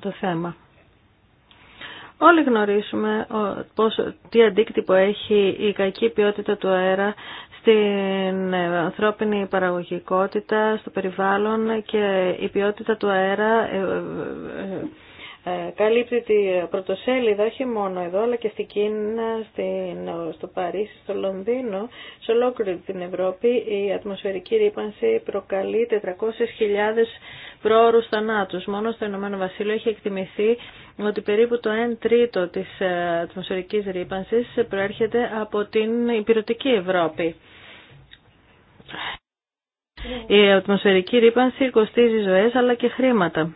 το θέμα. Όλοι γνωρίζουμε τι αντίκτυπο έχει η κακή ποιότητα του αέρα στην ανθρώπινη παραγωγικότητα, στο περιβάλλον και η ποιότητα του αέρα ε, ε, ε, καλύπτει την πρωτοσέλιδα όχι μόνο εδώ αλλά και στην Κίνα, στην, στο Παρίσι, στο Λονδίνο, σε ολόκληρη την Ευρώπη η ατμοσφαιρική ρήπανση προκαλεί 400.000 πρόωρους θανάτους. Μόνο στο Ηνωμένο Βασίλειο έχει εκτιμηθεί ότι περίπου το 1 τρίτο της ατμοσφαιρικής ρήπανσης προέρχεται από την υπηρετική Ευρώπη. Η ατμοσφαιρική ρήπανση κοστίζει ζωές αλλά και χρήματα.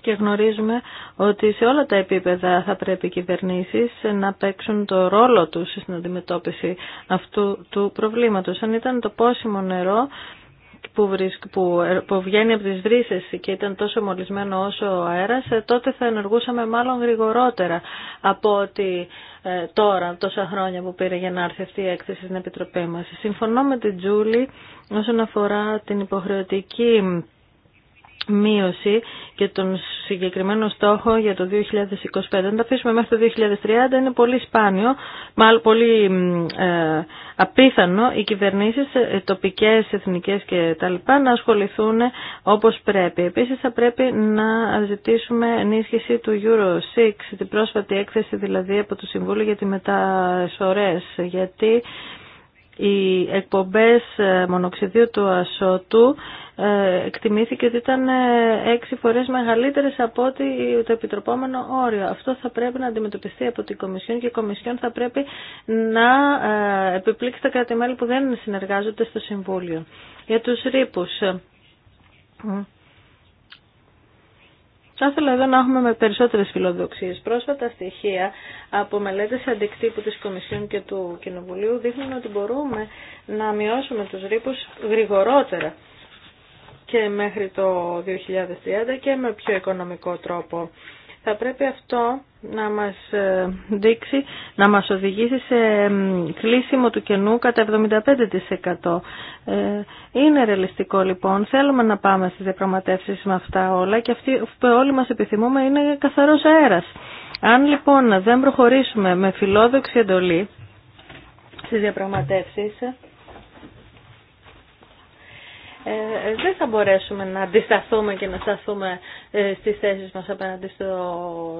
Και γνωρίζουμε ότι σε όλα τα επίπεδα θα πρέπει οι κυβερνήσεις να παίξουν το ρόλο τους στην αντιμετώπιση αυτού του προβλήματος. Αν ήταν το πόσιμο νερό, που, ε, που, βγαίνει από τις βρύσες και ήταν τόσο μολυσμένο όσο ο αέρας, ε, τότε θα ενεργούσαμε μάλλον γρηγορότερα από ότι ε, τώρα, τόσα χρόνια που πήρε για να έρθει αυτή η έκθεση στην Επιτροπή μας. Συμφωνώ με την Τζούλη όσον αφορά την υποχρεωτική μείωση και τον συγκεκριμένο στόχο για το 2025. Αν τα αφήσουμε μέχρι το 2030 είναι πολύ σπάνιο, μάλλον πολύ απίθανο οι κυβερνήσεις ε, τοπικές, εθνικές και τα λοιπά να ασχοληθούν όπως πρέπει. Επίσης θα πρέπει να ζητήσουμε ενίσχυση του Euro 6, την πρόσφατη έκθεση δηλαδή από το Συμβούλιο για τη Μετασορές, γιατί οι εκπομπές ε, μονοξιδίου του ασώτου ε, εκτιμήθηκε ότι ήταν ε, έξι φορές μεγαλύτερες από ό,τι το επιτροπόμενο όριο. Αυτό θα πρέπει να αντιμετωπιστεί από την Κομισιόν και η Κομισιόν θα πρέπει να επιπλήξει τα κράτη-μέλη που δεν συνεργάζονται στο Συμβούλιο. Για τους ρήπους. Θα ήθελα εδώ να έχουμε με περισσότερες φιλοδοξίες. Πρόσφατα στοιχεία από μελέτες αντικτύπου της Κομισιόν και του Κοινοβουλίου δείχνουν ότι μπορούμε να μειώσουμε τους ρήπους γρηγορότερα και μέχρι το 2030 και με πιο οικονομικό τρόπο θα πρέπει αυτό να μας ε, δείξει, να μας οδηγήσει σε κλείσιμο του κενού κατά 75%. Ε, είναι ρεαλιστικό λοιπόν, θέλουμε να πάμε στις διαπραγματεύσεις με αυτά όλα και αυτοί που όλοι μας επιθυμούμε είναι καθαρός αέρας. Αν λοιπόν δεν προχωρήσουμε με φιλόδοξη εντολή στις διαπραγματεύσεις, ε, δεν θα μπορέσουμε να αντισταθούμε και να σταθούμε ε, στις θέσεις μας απέναντι στο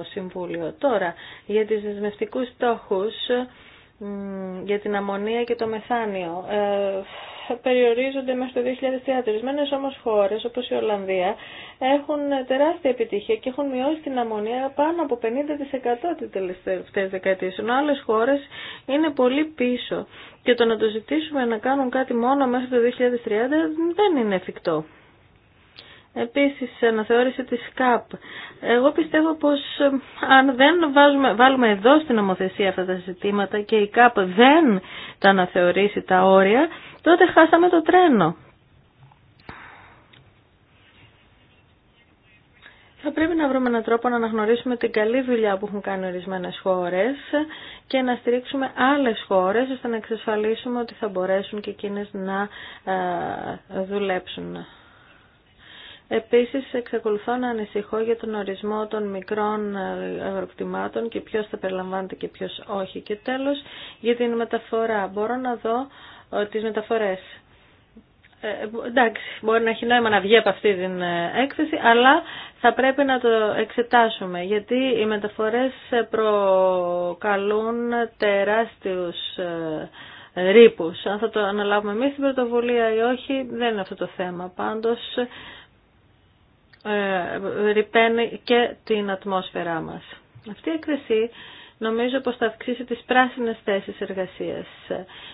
Συμβούλιο. Τώρα, για τις δεσμευτικούς στόχους, για την αμμονία και το μεθάνιο. Ε, περιορίζονται μέχρι το 2030. Ορισμένε όμω χώρε, όπω η Ολλανδία έχουν τεράστια επιτυχία και έχουν μειώσει την αμμονία πάνω από 50% τι τελευταίε δεκαετίε. Ενώ άλλε χώρε είναι πολύ πίσω και το να το ζητήσουμε να κάνουν κάτι μόνο μέχρι το 2030 δεν είναι εφικτό. Επίσης, αναθεώρηση τη ΚΑΠ. Εγώ πιστεύω πως ε, αν δεν βάζουμε, βάλουμε εδώ στην νομοθεσία αυτά τα ζητήματα και η ΚΑΠ δεν τα αναθεωρήσει τα όρια, τότε χάσαμε το τρένο. Θα πρέπει να βρούμε έναν τρόπο να αναγνωρίσουμε την καλή δουλειά που έχουν κάνει ορισμένε χώρε και να στηρίξουμε άλλε χώρε ώστε να εξασφαλίσουμε ότι θα μπορέσουν και εκείνε να ε, δουλέψουν. Επίσης, εξακολουθώ να ανησυχώ για τον ορισμό των μικρών ε, αγροκτημάτων και ποιος θα περιλαμβάνεται και ποιος όχι. Και τέλος, για την μεταφορά. Μπορώ να δω ε, τις μεταφορές. Ε, εντάξει, μπορεί να έχει νόημα να βγει από αυτή την ε, έκθεση, αλλά θα πρέπει να το εξετάσουμε, γιατί οι μεταφορές προκαλούν τεράστιους ρήπους. Αν θα το αναλάβουμε εμείς την πρωτοβουλία ή όχι, δεν είναι αυτό το θέμα. Πάντως, ε, ρηπαίνει και την ατμόσφαιρά μας. Αυτή η έκθεση νομίζω πως θα αυξήσει τις πράσινες θέσεις εργασίας.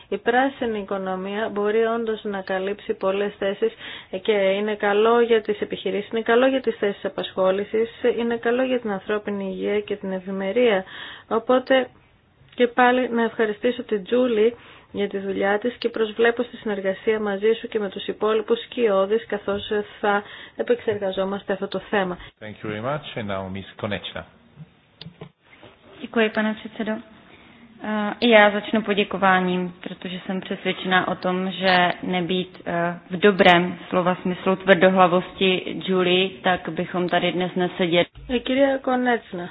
Η πράσινη οικονομία μπορεί όντως να καλύψει πολλές θέσεις και είναι καλό για τις επιχειρήσεις, είναι καλό για τις θέσεις απασχόλησης, είναι καλό για την ανθρώπινη υγεία και την ευημερία. Οπότε και πάλι να ευχαριστήσω την Τζούλη για τη δουλειά της και προσβλέπω στη συνεργασία μαζί σου και με τους υπόλοιπους σκιώδες καθώς θα επεξεργαζόμαστε αυτό το θέμα. Thank you very much. And now, Ms. Konečna. Děkuji, pane předsedo. I já začnu poděkováním, protože jsem přesvědčena o tom, že nebýt v dobrém slova smyslu tvrdohlavosti Julie, tak bychom tady dnes neseděli. Κυρία Κονέτσνα,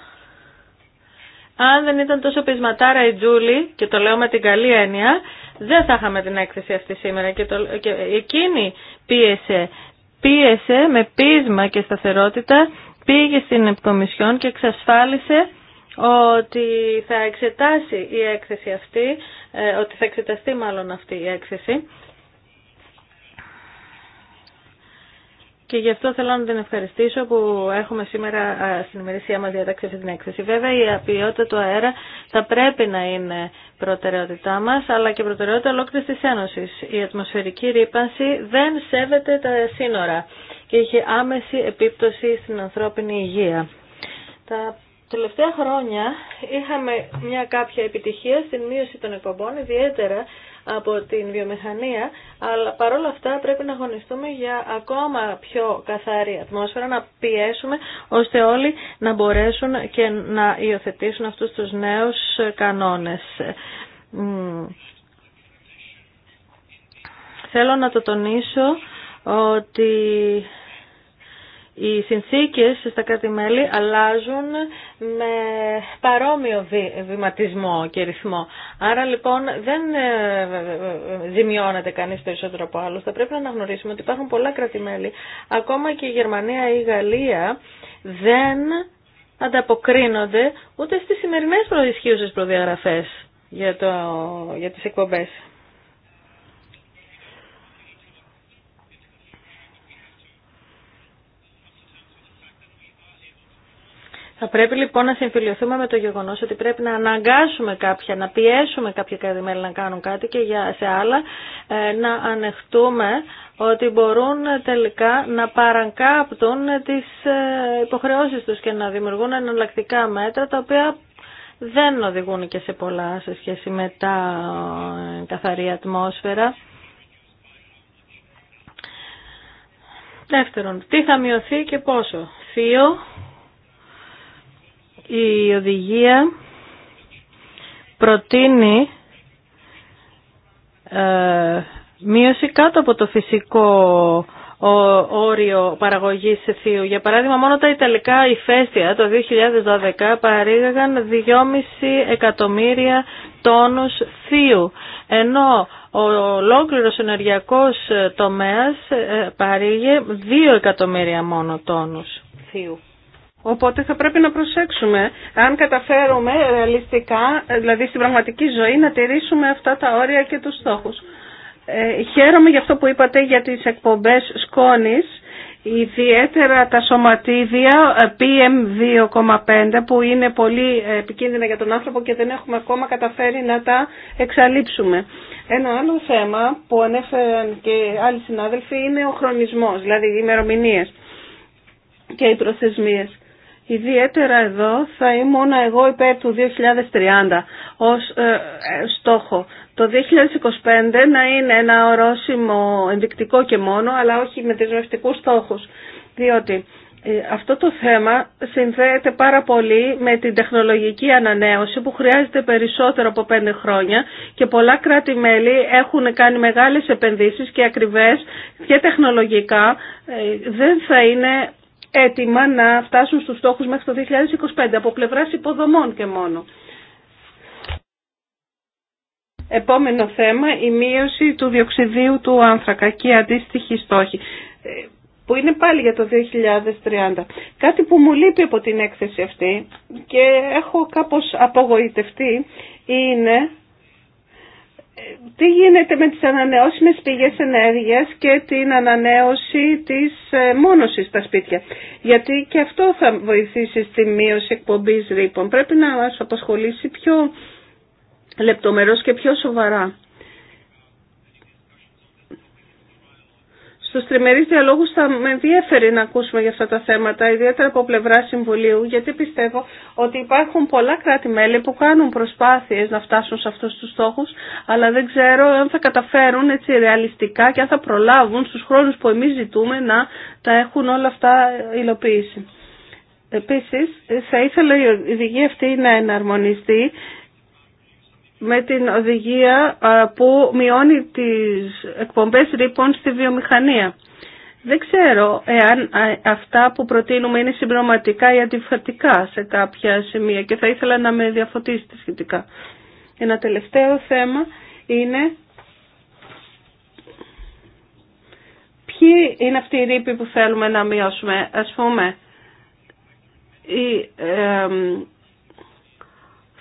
αν δεν ήταν τόσο πεισματάρα η Τζούλη, και το λέω με την καλή έννοια, δεν θα είχαμε την έκθεση αυτή σήμερα. Και, το, και εκείνη πίεσε, πίεσε με πείσμα και σταθερότητα, πήγε στην Επικομισιόν και εξασφάλισε ότι θα εξετάσει η έκθεση αυτή, ε, ότι θα εξεταστεί μάλλον αυτή η έκθεση Και γι' αυτό θέλω να την ευχαριστήσω που έχουμε σήμερα στην ημερησία μας διατάξει αυτή την έκθεση. Βέβαια η ποιότητα του αέρα θα πρέπει να είναι προτεραιότητά μας, αλλά και προτεραιότητα ολόκληρης της Ένωσης. Η ατμοσφαιρική ρήπανση δεν σέβεται τα σύνορα και έχει άμεση επίπτωση στην ανθρώπινη υγεία τελευταία χρόνια είχαμε μια κάποια επιτυχία στην μείωση των εκπομπών, ιδιαίτερα από την βιομηχανία, αλλά παρόλα αυτά πρέπει να αγωνιστούμε για ακόμα πιο καθαρή ατμόσφαιρα, να πιέσουμε ώστε όλοι να μπορέσουν και να υιοθετήσουν αυτούς τους νέους κανόνες. Θέλω να το τονίσω ότι οι συνθήκες στα κράτη-μέλη αλλάζουν με παρόμοιο βηματισμό και ρυθμό. Άρα λοιπόν δεν ζημιώνεται ε, κανείς περισσότερο από άλλους. Θα πρέπει να αναγνωρίσουμε ότι υπάρχουν πολλά κράτη-μέλη. Ακόμα και η Γερμανία ή η Γαλλία δεν ανταποκρίνονται ούτε στις σημερινές προϊσχύουσες προδιαγραφές για, το, για τις εκπομπές. Θα πρέπει λοιπόν να συμφιλειωθούμε με το γεγονό ότι πρέπει να αναγκάσουμε κάποια, να πιέσουμε κάποια να κάνουν κάτι και για, σε άλλα ε, να ανεχτούμε ότι μπορούν τελικά να παρακάπτουν τις ε, υποχρεώσεις τους και να δημιουργούν εναλλακτικά μέτρα τα οποία δεν οδηγούν και σε πολλά σε σχέση με τα ε, καθαρή ατμόσφαιρα. Δεύτερον, τι θα μειωθεί και πόσο. Θείο, η οδηγία προτείνει ε, μείωση κάτω από το φυσικό όριο παραγωγής θείου. Για παράδειγμα, μόνο τα Ιταλικά ηφαίστεια το 2012 παρήγαγαν 2,5 εκατομμύρια τόνους θείου, ενώ ο ολόκληρος ενεργειακός τομέας ε, παρήγε 2 εκατομμύρια μόνο τόνους θείου. Οπότε θα πρέπει να προσέξουμε αν καταφέρουμε ρεαλιστικά, δηλαδή στην πραγματική ζωή, να τηρήσουμε αυτά τα όρια και τους στόχους. Ε, χαίρομαι για αυτό που είπατε για τις εκπομπές σκόνης, ιδιαίτερα τα σωματίδια ε, PM2,5 που είναι πολύ ε, επικίνδυνα για τον άνθρωπο και δεν έχουμε ακόμα καταφέρει να τα εξαλείψουμε. Ένα άλλο θέμα που ανέφεραν και άλλοι συνάδελφοι είναι ο χρονισμός, δηλαδή οι ημερομηνίε και οι προθεσμίες. Ιδιαίτερα εδώ θα ήμουν εγώ υπέρ του 2030 ως ε, ε, στόχο. Το 2025 να είναι ένα ορόσημο ενδεικτικό και μόνο, αλλά όχι με δεσμευτικούς στόχους. Διότι ε, αυτό το θέμα συνδέεται πάρα πολύ με την τεχνολογική ανανέωση που χρειάζεται περισσότερο από πέντε χρόνια και πολλά κράτη-μέλη έχουν κάνει μεγάλες επενδύσεις και ακριβές και τεχνολογικά δεν θα είναι έτοιμα να φτάσουν στους στόχους μέχρι το 2025 από πλευράς υποδομών και μόνο. Επόμενο θέμα, η μείωση του διοξιδίου του άνθρακα και αντίστοιχη στόχη, ε, που είναι πάλι για το 2030. Κάτι που μου λείπει από την έκθεση αυτή και έχω κάπως απογοητευτεί είναι τι γίνεται με τις ανανεώσιμες πηγές ενέργειας και την ανανέωση της ε, μόνωσης στα σπίτια. Γιατί και αυτό θα βοηθήσει στη μείωση εκπομπής ρήπων. Πρέπει να μας απασχολήσει πιο λεπτομερώς και πιο σοβαρά. στους τριμερείς διαλόγους θα με ενδιαφέρει να ακούσουμε για αυτά τα θέματα, ιδιαίτερα από πλευρά Συμβουλίου, γιατί πιστεύω ότι υπάρχουν πολλά κράτη-μέλη που κάνουν προσπάθειες να φτάσουν σε αυτούς τους στόχους, αλλά δεν ξέρω αν θα καταφέρουν έτσι ρεαλιστικά και αν θα προλάβουν στους χρόνους που εμείς ζητούμε να τα έχουν όλα αυτά υλοποιήσει. Επίσης, θα ήθελα η οδηγία αυτή να εναρμονιστεί με την οδηγία που μειώνει τις εκπομπές ρήπων στη βιομηχανία. Δεν ξέρω εάν αυτά που προτείνουμε είναι συμπληρωματικά ή αντιφατικά σε κάποια σημεία και θα ήθελα να με διαφωτίσετε σχετικά. Ένα τελευταίο θέμα είναι ποιοι είναι αυτοί οι ρήποι που θέλουμε να μειώσουμε. Ας πούμε, η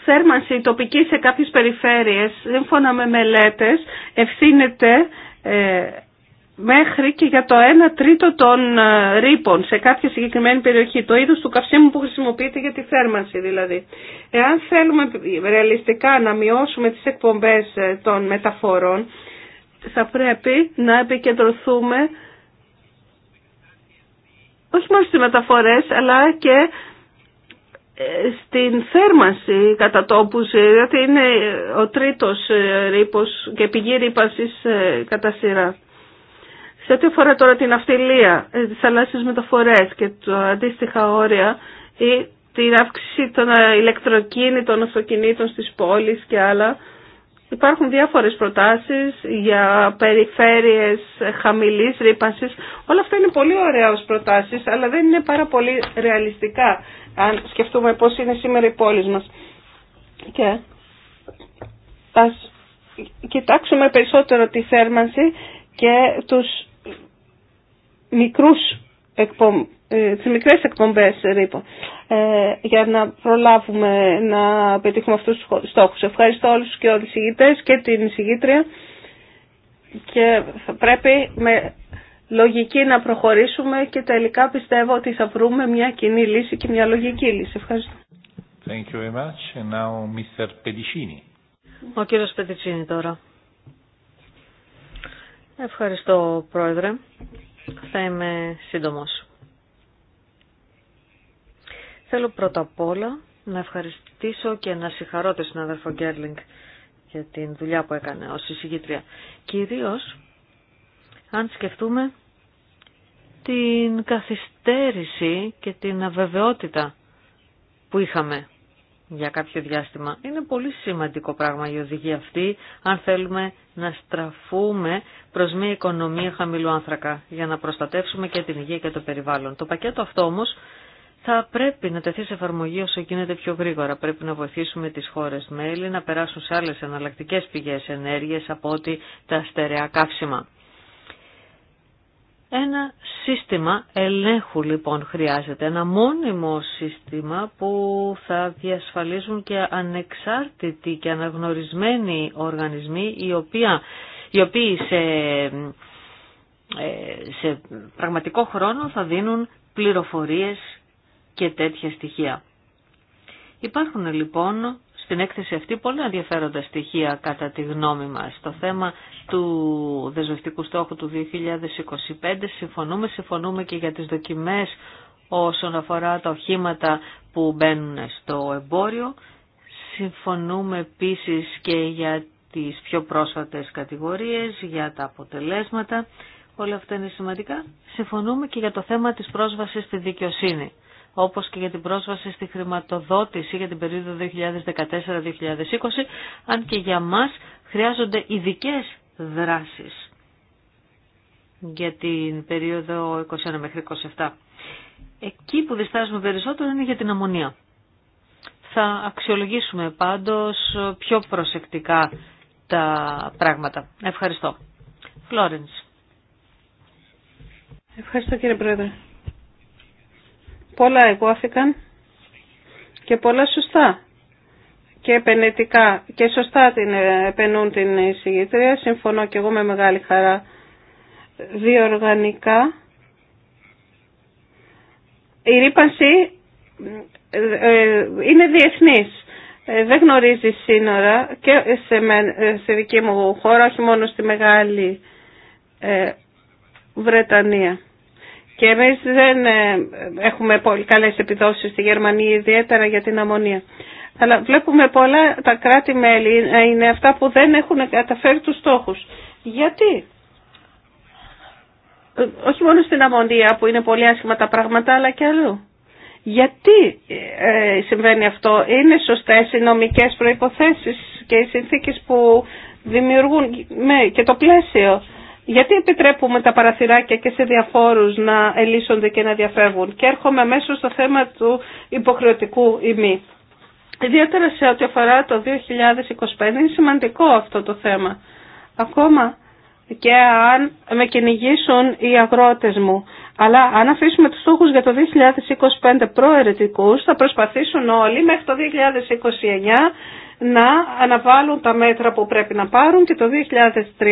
θέρμανση τοπική σε κάποιες περιφέρειες, σύμφωνα με μελέτες, ευθύνεται ε, μέχρι και για το 1 τρίτο των ε, ρήπων σε κάποια συγκεκριμένη περιοχή, το είδος του καυσίμου που χρησιμοποιείται για τη θέρμανση δηλαδή. Εάν θέλουμε ρεαλιστικά να μειώσουμε τις εκπομπές ε, των μεταφορών, θα πρέπει να επικεντρωθούμε όχι μόνο στις μεταφορές, αλλά και στην θέρμανση κατά τόπους, γιατί ε, είναι ο τρίτος ε, ρήπος και πηγή ρήπασης ε, κατά σειρά. Σε ό,τι αφορά τώρα την αυτιλία, τις θαλάσσιες μεταφορές και τα αντίστοιχα όρια ή την αύξηση των ηλεκτροκίνητων αυτοκινήτων στις πόλεις και άλλα, Υπάρχουν διάφορες προτάσεις για περιφέρειες χαμηλής ρήπασης. Όλα αυτά είναι πολύ ωραία προτάσεις, αλλά δεν είναι πάρα πολύ ρεαλιστικά αν σκεφτούμε πώς είναι σήμερα οι πόλη μας. Και ας κοιτάξουμε περισσότερο τη θέρμανση και τους μικρούς εκπομ... Ε, τις μικρές εκπομπές ρήπο, ε, για να προλάβουμε να πετύχουμε αυτούς τους στόχους. Ευχαριστώ όλους και όλους οι και την εισηγήτρια. και θα πρέπει με λογική να προχωρήσουμε και τελικά πιστεύω ότι θα βρούμε μια κοινή λύση και μια λογική λύση. Ευχαριστώ. Thank you very much. And now Mr. Pedicini. Ο κύριος Πεντιτσίνη τώρα. Ευχαριστώ Πρόεδρε. Θα είμαι σύντομος. Θέλω πρώτα απ' όλα να ευχαριστήσω και να συγχαρώ τον συνάδελφο Γκέρλινγκ για την δουλειά που έκανε ως εισηγήτρια. Κυρίως αν σκεφτούμε την καθυστέρηση και την αβεβαιότητα που είχαμε για κάποιο διάστημα. Είναι πολύ σημαντικό πράγμα η οδηγία αυτή, αν θέλουμε να στραφούμε προς μια οικονομία χαμηλού άνθρακα, για να προστατεύσουμε και την υγεία και το περιβάλλον. Το πακέτο αυτό όμως θα πρέπει να τεθεί σε εφαρμογή όσο γίνεται πιο γρήγορα. Πρέπει να βοηθήσουμε τις χώρες μέλη να περάσουν σε άλλες εναλλακτικές πηγές ενέργειας από ό,τι τα στερεά καύσιμα. Ένα σύστημα ελέγχου λοιπόν χρειάζεται, ένα μόνιμο σύστημα που θα διασφαλίζουν και ανεξάρτητοι και αναγνωρισμένοι οργανισμοί οι, οποία, οι οποίοι σε, ε, σε πραγματικό χρόνο θα δίνουν πληροφορίες και τέτοια στοιχεία. Υπάρχουν λοιπόν στην έκθεση αυτή πολύ ενδιαφέροντα στοιχεία κατά τη γνώμη μας. Το θέμα του δεσμευτικού στόχου του 2025 συμφωνούμε, συμφωνούμε και για τις δοκιμές όσον αφορά τα οχήματα που μπαίνουν στο εμπόριο. Συμφωνούμε επίσης και για τις πιο πρόσφατες κατηγορίες, για τα αποτελέσματα. Όλα αυτά είναι σημαντικά. Συμφωνούμε και για το θέμα της πρόσβασης στη δικαιοσύνη όπως και για την πρόσβαση στη χρηματοδότηση για την περίοδο 2014-2020, αν και για μας χρειάζονται ειδικέ δράσεις για την περίοδο 21 μέχρι 27. Εκεί που διστάζουμε περισσότερο είναι για την αμμονία. Θα αξιολογήσουμε πάντως πιο προσεκτικά τα πράγματα. Ευχαριστώ. Φλόρενς. Ευχαριστώ κύριε Πρόεδρε. Πολλά εγώθηκαν και πολλά σωστά και επενετικά και σωστά την ε, επενούν την εισηγήτρια. Συμφωνώ και εγώ με μεγάλη χαρά διοργανικά. Η ρήπανση ε, ε, είναι διεθνής. Δεν γνωρίζει σύνορα και σε δική μου χώρα, όχι μόνο στη Μεγάλη Βρετανία. Και εμεί δεν ε, έχουμε πολύ καλές επιδόσεις στη Γερμανία, ιδιαίτερα για την αμμονία. Αλλά βλέπουμε πολλά τα κράτη-μέλη ε, είναι αυτά που δεν έχουν καταφέρει τους στόχους. Γιατί? Ε, όχι μόνο στην αμμονία που είναι πολύ άσχημα τα πράγματα, αλλά και αλλού. Γιατί συμβαίνει αυτό. Είναι σωστές οι νομικές προϋποθέσεις και οι συνθήκες που δημιουργούν και το πλαίσιο γιατί επιτρέπουμε τα παραθυράκια και σε διαφόρους να ελίσσονται και να διαφεύγουν. Και έρχομαι αμέσω στο θέμα του υποχρεωτικού ημί. Ιδιαίτερα σε ό,τι αφορά το 2025 είναι σημαντικό αυτό το θέμα. Ακόμα και αν με κυνηγήσουν οι αγρότες μου. Αλλά αν αφήσουμε τους στόχους για το 2025 προαιρετικούς θα προσπαθήσουν όλοι μέχρι το 2029 να αναβάλουν τα μέτρα που πρέπει να πάρουν και το 2030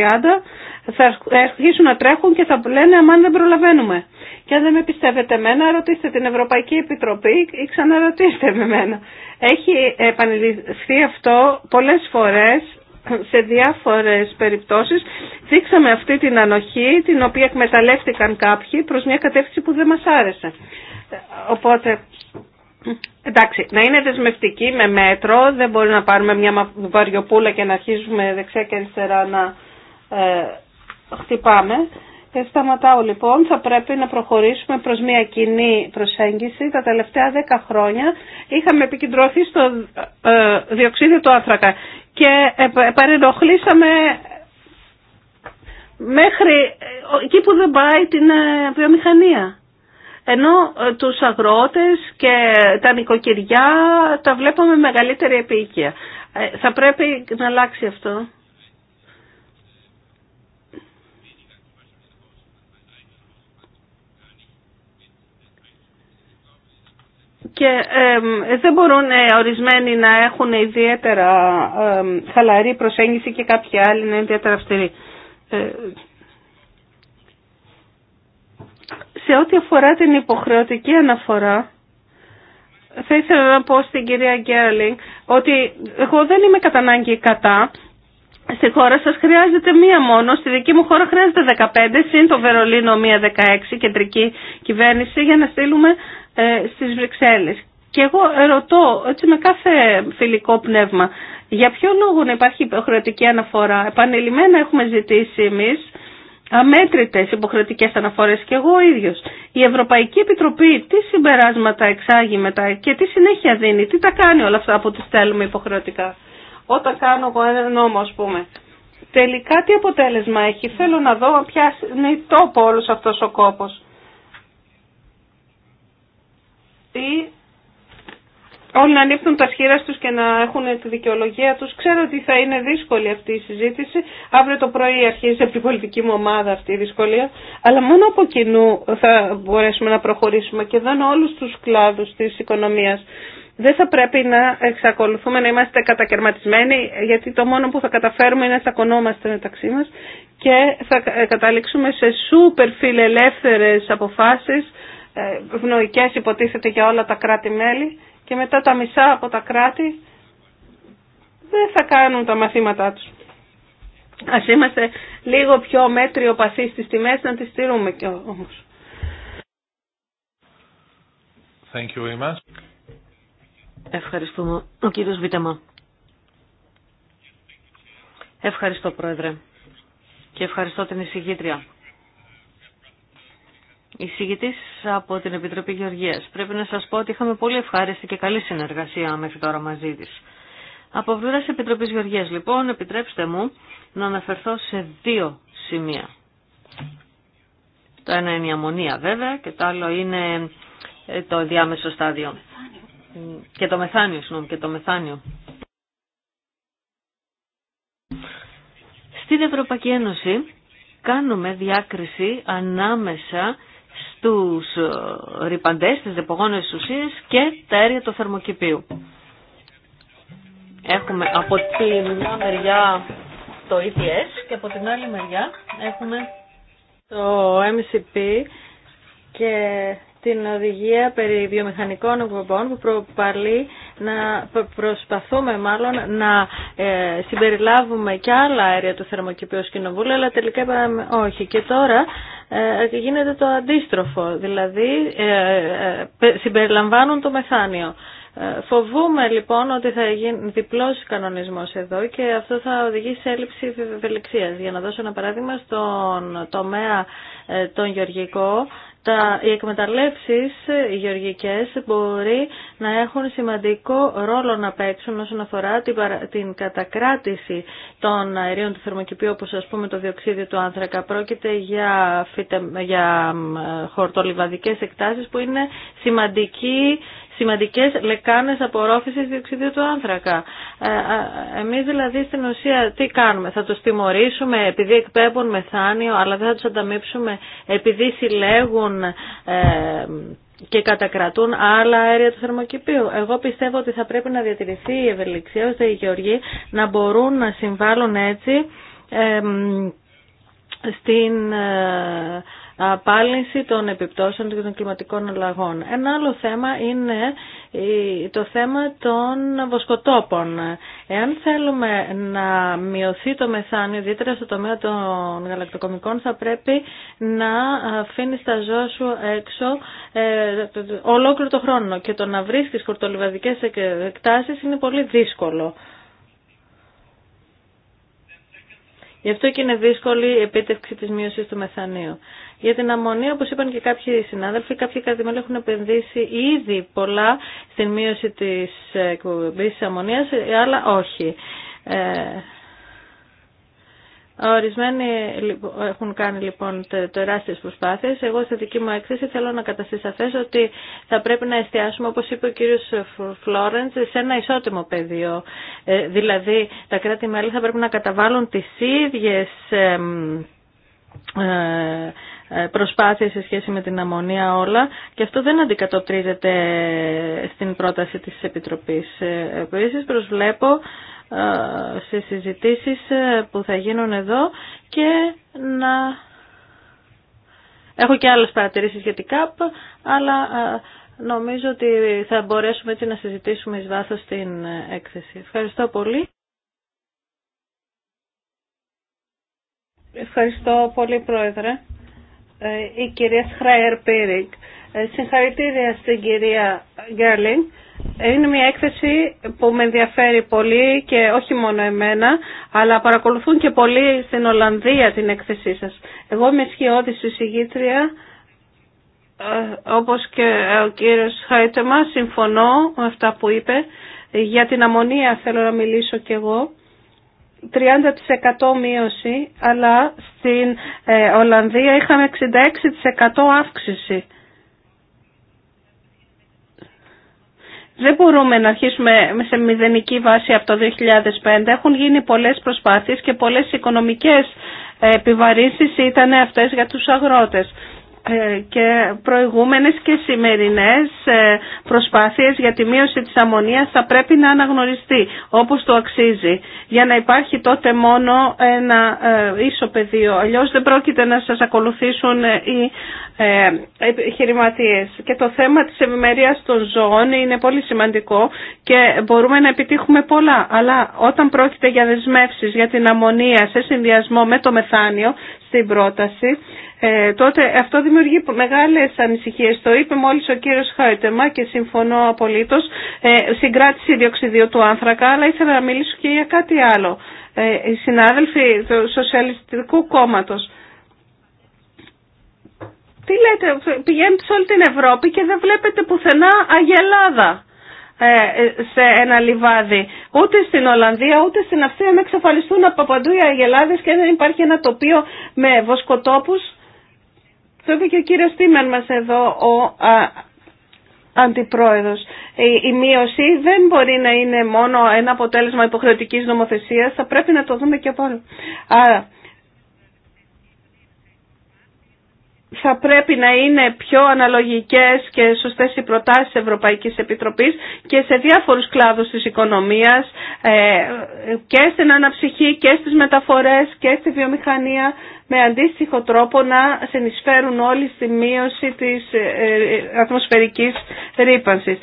θα αρχίσουν να τρέχουν και θα λένε αμάν δεν προλαβαίνουμε. Και αν δεν με πιστεύετε εμένα, ρωτήστε την Ευρωπαϊκή Επιτροπή ή ξαναρωτήστε με εμένα. Έχει επανειληφθεί αυτό πολλές φορές σε διάφορες περιπτώσεις δείξαμε αυτή την ανοχή την οποία εκμεταλλεύτηκαν κάποιοι προς μια κατεύθυνση που δεν μας άρεσε. Οπότε Εντάξει, να είναι δεσμευτική με μέτρο, δεν μπορεί να πάρουμε μια βαριοπούλα και να αρχίζουμε δεξιά και αριστερά να ε, χτυπάμε. Και ε, σταματάω λοιπόν, θα πρέπει να προχωρήσουμε προς μια κοινή προσέγγιση. Τα τελευταία δέκα χρόνια είχαμε επικεντρωθεί στο ε, διοξίδιο του άνθρακα και παρενοχλήσαμε μέχρι ε, εκεί που δεν πάει την βιομηχανία ενώ ε, τους αγρότες και τα νοικοκυριά τα βλέπουμε μεγαλύτερη επίοικια. Ε, θα πρέπει να αλλάξει αυτό. Και δεν μπορούν ε, ορισμένοι να έχουν ιδιαίτερα ε, χαλαρή προσέγγιση και κάποιοι άλλοι να είναι ιδιαίτερα αυστηροί. Ε, Σε ό,τι αφορά την υποχρεωτική αναφορά, θα ήθελα να πω στην κυρία Γκέρλινγκ ότι εγώ δεν είμαι κατά ανάγκη κατά. Στη χώρα σας χρειάζεται μία μόνο, στη δική μου χώρα χρειάζεται 15, συν το Βερολίνο μία 16, κεντρική κυβέρνηση, για να στείλουμε ε, στις Βρυξέλλες. Και εγώ ρωτώ, έτσι με κάθε φιλικό πνεύμα, για ποιο λόγο να υπάρχει υποχρεωτική αναφορά. Επανειλημμένα έχουμε ζητήσει εμείς, αμέτρητες υποχρεωτικές αναφορές και εγώ ο ίδιος. Η Ευρωπαϊκή Επιτροπή τι συμπεράσματα εξάγει μετά και τι συνέχεια δίνει, τι τα κάνει όλα αυτά που τις στέλνουμε υποχρεωτικά. Όταν κάνω εγώ ένα νόμο ας πούμε. Τελικά τι αποτέλεσμα έχει, θέλω να δω είναι η τόπο όλος αυτός ο κόπος. Τι όλοι να ανοίξουν τα σχήρα τους και να έχουν τη δικαιολογία τους. Ξέρω ότι θα είναι δύσκολη αυτή η συζήτηση. Αύριο το πρωί αρχίζει από την πολιτική μου ομάδα αυτή η δυσκολία. Αλλά μόνο από κοινού θα μπορέσουμε να προχωρήσουμε και εδώ όλους τους κλάδους της οικονομίας. Δεν θα πρέπει να εξακολουθούμε να είμαστε κατακαιρματισμένοι, γιατί το μόνο που θα καταφέρουμε είναι να τσακωνόμαστε μεταξύ μας και θα καταλήξουμε σε σούπερ φιλελεύθερες αποφάσει, ε, ευνοϊκές υποτίθεται για όλα τα κράτη-μέλη και μετά τα μισά από τα κράτη δεν θα κάνουν τα μαθήματά τους. Ας είμαστε λίγο πιο μέτριο παθή στις τιμές να τις στηρούμε και όμως. Thank you very much. Ευχαριστούμε. Ο κύριος Βίτεμα. Ευχαριστώ Πρόεδρε και ευχαριστώ την εισηγήτρια εισηγητή από την Επιτροπή Γεωργία. Πρέπει να σας πω ότι είχαμε πολύ ευχάριστη και καλή συνεργασία μέχρι τώρα μαζί τη. Από τη Επιτροπή Γεωργία, λοιπόν, επιτρέψτε μου να αναφερθώ σε δύο σημεία. Το ένα είναι η αμμονία βέβαια και το άλλο είναι ε, το διάμεσο στάδιο. Και το μεθάνιο, συγγνώμη, και το μεθάνιο. Στην Ευρωπαϊκή Ένωση κάνουμε διάκριση ανάμεσα τους ε, ρηπαντές, τις δεπογόνες ουσίες και τα αέρια του θερμοκηπίου. Έχουμε από τη μια μεριά το ETS και από την άλλη μεριά έχουμε το MCP και την οδηγία περί βιομηχανικών εκπομπών που προπαλεί να προσπαθούμε μάλλον να ε, συμπεριλάβουμε και άλλα αέρια του θερμοκηπίου σκηνοβούλου, αλλά τελικά είπαμε όχι. Και τώρα ε, γίνεται το αντίστροφο, δηλαδή ε, συμπεριλαμβάνουν το μεθάνιο. Φοβούμε λοιπόν ότι θα γίνει διπλός κανονισμός εδώ και αυτό θα οδηγήσει σε έλλειψη ευελιξίας. Για να δώσω ένα παράδειγμα στον τομέα τον γεωργικό τα, οι εκμεταλλεύσεις ε, γεωργικές μπορεί να έχουν σημαντικό ρόλο να παίξουν όσον αφορά την, κατακράτηση των αερίων του θερμοκηπίου όπως ας πούμε το διοξίδιο του άνθρακα. Πρόκειται για, φυτε, για χορτολιβαδικές εκτάσεις που είναι σημαντική σημαντικές λεκάνες απορρόφησης διοξιδίου του άνθρακα. Ε, εμείς δηλαδή στην ουσία τι κάνουμε, θα τους τιμωρήσουμε επειδή εκπέμπουν μεθάνιο αλλά δεν θα τους ανταμείψουμε επειδή συλλέγουν ε, και κατακρατούν άλλα αέρια του θερμοκηπίου. Εγώ πιστεύω ότι θα πρέπει να διατηρηθεί η ευελιξία ώστε οι γεωργοί να μπορούν να συμβάλλουν έτσι στην ε, απάλυνση των επιπτώσεων και των κλιματικών αλλαγών. Ένα άλλο θέμα είναι ε, το θέμα των βοσκοτόπων. Εάν θέλουμε να μειωθεί το μεθάνιο, ιδιαίτερα στο τομέα των γαλακτοκομικών, θα πρέπει να αφήνει τα ζώα σου έξω ε, ολόκληρο το χρόνο και το να βρίσκεις χορτολιβαδικές εκτάσεις είναι πολύ δύσκολο. Γι' αυτό και είναι δύσκολη η επίτευξη τη μείωση του μεθανίου. Για την αμμονία, όπως είπαν και κάποιοι συνάδελφοι, κάποιοι κρατημέλοι έχουν επενδύσει ήδη πολλά στην μείωση της τη αμμονία, αλλά όχι. Ε, Ορισμένοι λοιπόν, έχουν κάνει λοιπόν τεράστιες προσπάθειες. Εγώ στη δική μου έκθεση θέλω να καταστήσω ότι θα πρέπει να εστιάσουμε, όπως είπε ο κύριος Φλόρεντς, σε ένα ισότιμο πεδίο. Ε, δηλαδή τα κράτη-μέλη θα πρέπει να καταβάλουν τις ίδιες ε, ε, προσπάθειες σε σχέση με την αμμονία όλα και αυτό δεν αντικατοπτρίζεται στην πρόταση της Επιτροπής. Επίσης προσβλέπω σε συζητήσεις ε, που θα γίνουν εδώ και να... Έχω και άλλες παρατηρήσεις για την ΚΑΠ, αλλά ε, νομίζω ότι θα μπορέσουμε έτσι να συζητήσουμε εις βάθος την έκθεση. Ευχαριστώ πολύ. Ευχαριστώ πολύ, Πρόεδρε. Ε, η κυρία Σχράερ Πίρικ. Συγχαρητήρια στην κυρία Γκέρλινγκ είναι μια έκθεση που με ενδιαφέρει πολύ και όχι μόνο εμένα, αλλά παρακολουθούν και πολύ στην Ολλανδία την έκθεσή σας. Εγώ είμαι σχιώδης εισηγήτρια, ε, όπως και ο κύριος Χαϊτεμα, συμφωνώ με αυτά που είπε. Για την αμμονία θέλω να μιλήσω κι εγώ. 30% μείωση, αλλά στην ε, Ολλανδία είχαμε 66% αύξηση. Δεν μπορούμε να αρχίσουμε σε μηδενική βάση από το 2005. Έχουν γίνει πολλές προσπάθειες και πολλές οικονομικές επιβαρύνσεις ήταν αυτές για τους αγρότες ε, και προηγούμενες και σημερινές ε, προσπάθειες για τη μείωση της αμμονίας θα πρέπει να αναγνωριστεί όπως το αξίζει για να υπάρχει τότε μόνο ένα ε, ίσο πεδίο. Αλλιώς δεν πρόκειται να σας ακολουθήσουν οι ε, Και το θέμα της ευημερία των ζώων είναι πολύ σημαντικό και μπορούμε να επιτύχουμε πολλά. Αλλά όταν πρόκειται για δεσμεύσεις, για την αμμονία σε συνδυασμό με το μεθάνιο στην πρόταση, ε, τότε αυτό δημιουργεί μεγάλες ανησυχίες. Το είπε μόλις ο κύριος Χάιτεμα και συμφωνώ απολύτως. Ε, συγκράτηση διοξιδίου του άνθρακα, αλλά ήθελα να μιλήσω και για κάτι άλλο. Ε, οι συνάδελφοι του Σοσιαλιστικού Κόμματος τι λέτε, πηγαίνετε σε όλη την Ευρώπη και δεν βλέπετε πουθενά αγελάδα ε, σε ένα λιβάδι. Ούτε στην Ολλανδία ούτε στην Αυστρία να εξαφανιστούν από παντού οι αγελάδε και δεν υπάρχει ένα τοπίο με βοσκοτόπους. Το είπε και ο κύριος Τίμερ μας εδώ, ο α, αντιπρόεδρος. Η, η μείωση δεν μπορεί να είναι μόνο ένα αποτέλεσμα υποχρεωτικής νομοθεσίας, θα πρέπει να το δούμε και από άλλο. θα πρέπει να είναι πιο αναλογικές και σωστές οι προτάσεις της Ευρωπαϊκής Επιτροπής και σε διάφορους κλάδους της οικονομίας ε, και στην αναψυχή και στις μεταφορές και στη βιομηχανία με αντίστοιχο τρόπο να συνεισφέρουν όλοι στη μείωση της ε, ε, ατμοσφαιρικής ρήπανσης.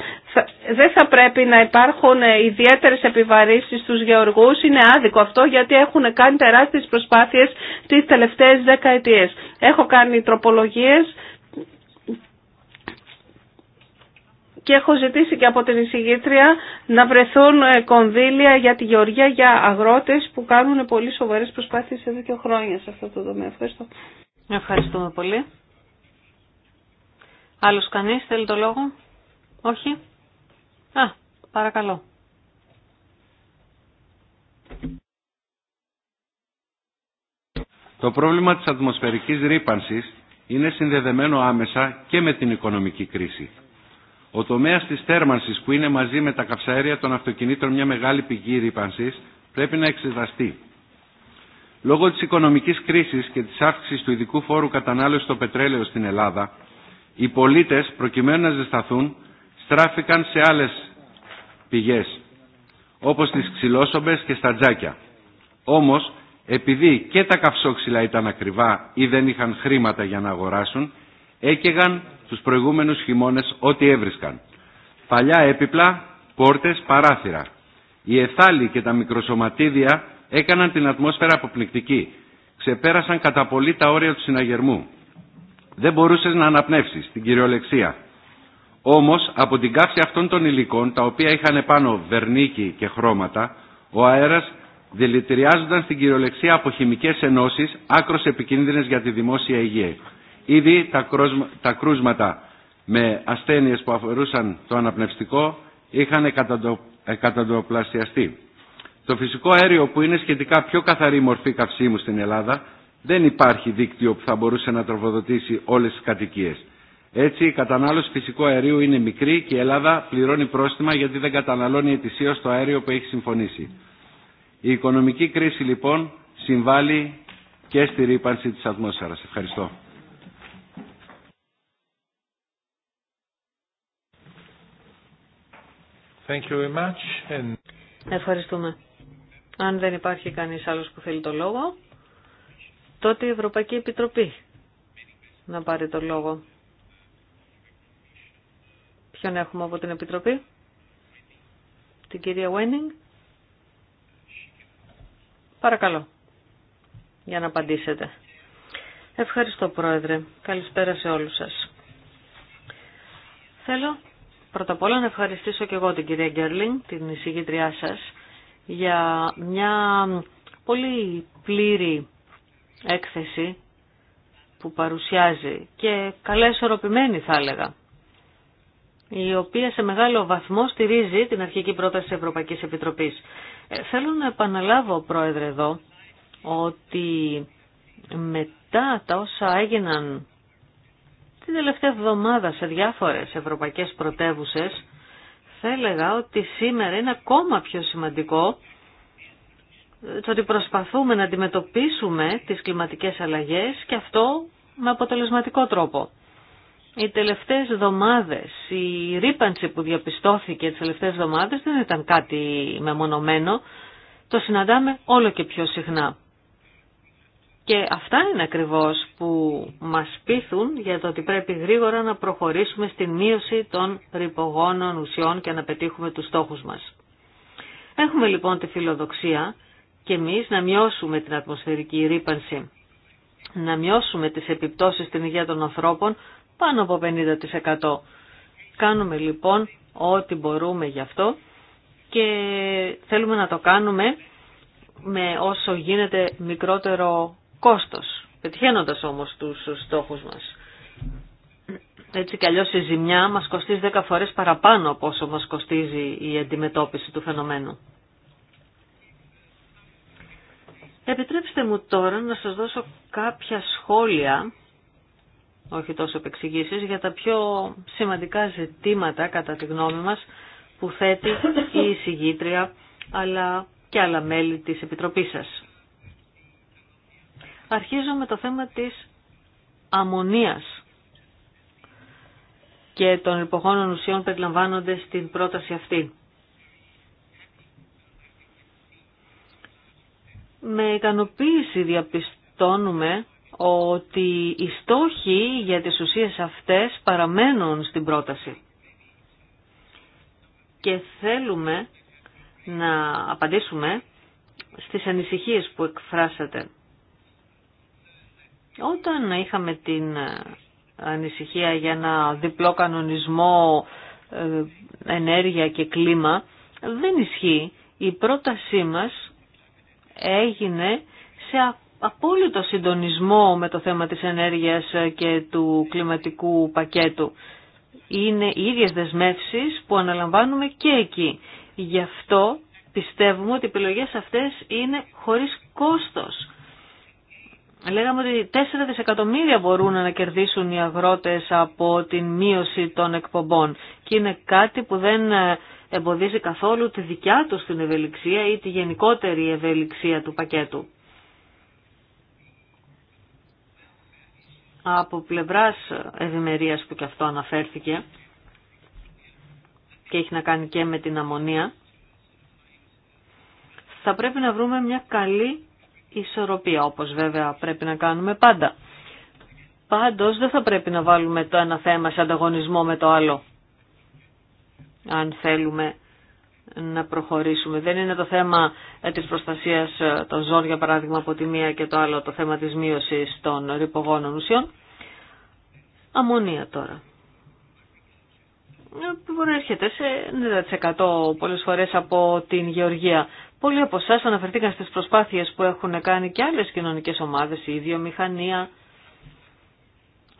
Δεν θα πρέπει να υπάρχουν ε, ιδιαίτερες επιβαρύσεις στους γεωργούς. Είναι άδικο αυτό γιατί έχουν κάνει τεράστιες προσπάθειες τις τελευταίες δεκαετίες. Έχω κάνει τροπολογίες και έχω ζητήσει και από την εισηγήτρια να βρεθούν ε, κονδύλια για τη γεωργία για αγρότες που κάνουν πολύ σοβαρές προσπάθειες εδώ και χρόνια σε αυτό το δομέα. Ευχαριστώ. Ευχαριστούμε πολύ. Άλλος κανείς θέλει το λόγο. Όχι. Α, παρακαλώ. Το πρόβλημα της ατμοσφαιρικής ρήπανσης είναι συνδεδεμένο άμεσα και με την οικονομική κρίση ο τομέα τη θέρμανση, που είναι μαζί με τα καυσαέρια των αυτοκινήτων μια μεγάλη πηγή ρήπανση, πρέπει να εξεταστεί. Λόγω τη οικονομική κρίση και τη αύξηση του ειδικού φόρου κατανάλωση στο πετρέλαιο στην Ελλάδα, οι πολίτε, προκειμένου να ζεσταθούν, στράφηκαν σε άλλε πηγέ, όπω τι ξυλόσομπε και στα τζάκια. Όμω, επειδή και τα καυσόξυλα ήταν ακριβά ή δεν είχαν χρήματα για να αγοράσουν, έκαιγαν τους προηγούμενους χειμώνες ό,τι έβρισκαν. Παλιά έπιπλα, πόρτες, παράθυρα. Οι εθάλοι και τα μικροσωματίδια έκαναν την ατμόσφαιρα αποπνικτική. Ξεπέρασαν κατά πολύ τα όρια του συναγερμού. Δεν μπορούσες να αναπνεύσεις, την κυριολεξία. Όμως, από την κάψη αυτών των υλικών, τα οποία είχαν πάνω βερνίκι και χρώματα, ο αέρας δηλητηριάζονταν στην κυριολεξία από χημικές ενώσεις άκρω επικίνδυνες για τη δημόσια υγεία. Ήδη τα κρούσματα με ασθένειες που αφορούσαν το αναπνευστικό είχαν εκατοντοπλασιαστεί. Το φυσικό αέριο που είναι σχετικά πιο καθαρή μορφή καυσίμου στην Ελλάδα δεν υπάρχει δίκτυο που θα μπορούσε να τροφοδοτήσει όλες τις κατοικίες. Έτσι η κατανάλωση φυσικού αερίου είναι μικρή και η Ελλάδα πληρώνει πρόστιμα γιατί δεν καταναλώνει ετησίως το αέριο που έχει συμφωνήσει. Η οικονομική κρίση λοιπόν συμβάλλει και στη ρήπανση της ατμόσφαιρας. Ευχαριστώ. Thank you very much. Ευχαριστούμε. Αν δεν υπάρχει κανείς άλλος που θέλει το λόγο, τότε η Ευρωπαϊκή Επιτροπή να πάρει το λόγο. Ποιον έχουμε από την Επιτροπή? Την κυρία Βένινγκ. Παρακαλώ, για να απαντήσετε. Ευχαριστώ Πρόεδρε. Καλησπέρα σε όλους σας. Θέλω Πρώτα απ' όλα να ευχαριστήσω και εγώ την κυρία Γκέρλινγκ, την εισηγήτριά σας, για μια πολύ πλήρη έκθεση που παρουσιάζει και καλά ισορροπημένη θα έλεγα, η οποία σε μεγάλο βαθμό στηρίζει την αρχική πρόταση της Ευρωπαϊκής Επιτροπής. Ε, θέλω να επαναλάβω, Πρόεδρε, εδώ, ότι μετά τα όσα έγιναν την τελευταία εβδομάδα σε διάφορες ευρωπαϊκές πρωτεύουσες, θα έλεγα ότι σήμερα είναι ακόμα πιο σημαντικό το ότι προσπαθούμε να αντιμετωπίσουμε τις κλιματικές αλλαγές και αυτό με αποτελεσματικό τρόπο. Οι τελευταίες εβδομάδες, η ρήπανση που διαπιστώθηκε τις τελευταίες εβδομάδες δεν ήταν κάτι μεμονωμένο, το συναντάμε όλο και πιο συχνά. Και αυτά είναι ακριβώς που μας πείθουν για το ότι πρέπει γρήγορα να προχωρήσουμε στην μείωση των ρηπογόνων ουσιών και να πετύχουμε τους στόχους μας. Έχουμε λοιπόν τη φιλοδοξία και εμείς να μειώσουμε την ατμοσφαιρική ρήπανση, να μειώσουμε τις επιπτώσεις στην υγεία των ανθρώπων πάνω από 50%. Κάνουμε λοιπόν ό,τι μπορούμε γι' αυτό και θέλουμε να το κάνουμε με όσο γίνεται μικρότερο κόστος, πετυχαίνοντας όμως τους στόχους μας. Έτσι κι αλλιώς η ζημιά μας κοστίζει 10 φορές παραπάνω από όσο μας κοστίζει η αντιμετώπιση του φαινομένου. Επιτρέψτε μου τώρα να σας δώσω κάποια σχόλια, όχι τόσο επεξηγήσεις, για τα πιο σημαντικά ζητήματα κατά τη γνώμη μας που θέτει η συγγήτρια αλλά και άλλα μέλη της Επιτροπής σας. Αρχίζω με το θέμα της αμμονίας και των υποχώνων ουσιών περιλαμβάνονται στην πρόταση αυτή. Με ικανοποίηση διαπιστώνουμε ότι οι στόχοι για τις ουσίες αυτές παραμένουν στην πρόταση. Και θέλουμε να απαντήσουμε στις ανησυχίες που εκφράσατε. Όταν είχαμε την ε, ανησυχία για ένα διπλό κανονισμό ε, ενέργεια και κλίμα, δεν ισχύει. Η πρότασή μας έγινε σε απόλυτο συντονισμό με το θέμα της ενέργειας ε, και του κλιματικού πακέτου. Είναι οι ίδιες δεσμεύσεις που αναλαμβάνουμε και εκεί. Γι' αυτό πιστεύουμε ότι οι επιλογές αυτές είναι χωρίς κόστος. Λέγαμε ότι 4 δισεκατομμύρια μπορούν να κερδίσουν οι αγρότες από την μείωση των εκπομπών και είναι κάτι που δεν ε, εμποδίζει καθόλου τη δικιά τους την ευελιξία ή τη γενικότερη ευελιξία του πακέτου. Από πλευράς ευημερία που και αυτό αναφέρθηκε και έχει να κάνει και με την αμμονία, θα πρέπει να βρούμε μια καλή ισορροπία, όπως βέβαια πρέπει να κάνουμε πάντα. Πάντως δεν θα πρέπει να βάλουμε το ένα θέμα σε ανταγωνισμό με το άλλο, αν θέλουμε να προχωρήσουμε. Δεν είναι το θέμα ε, της προστασίας ε, των ζώων, για παράδειγμα, από τη μία και το άλλο, το θέμα της μείωσης των ρηπογόνων ουσιών. Αμμονία τώρα. Ε, Προέρχεται σε 90% πολλές φορές από την γεωργία. Πολλοί από εσά αναφερθήκαν στις προσπάθειες που έχουν κάνει και άλλες κοινωνικές ομάδες, η ίδιομηχανία,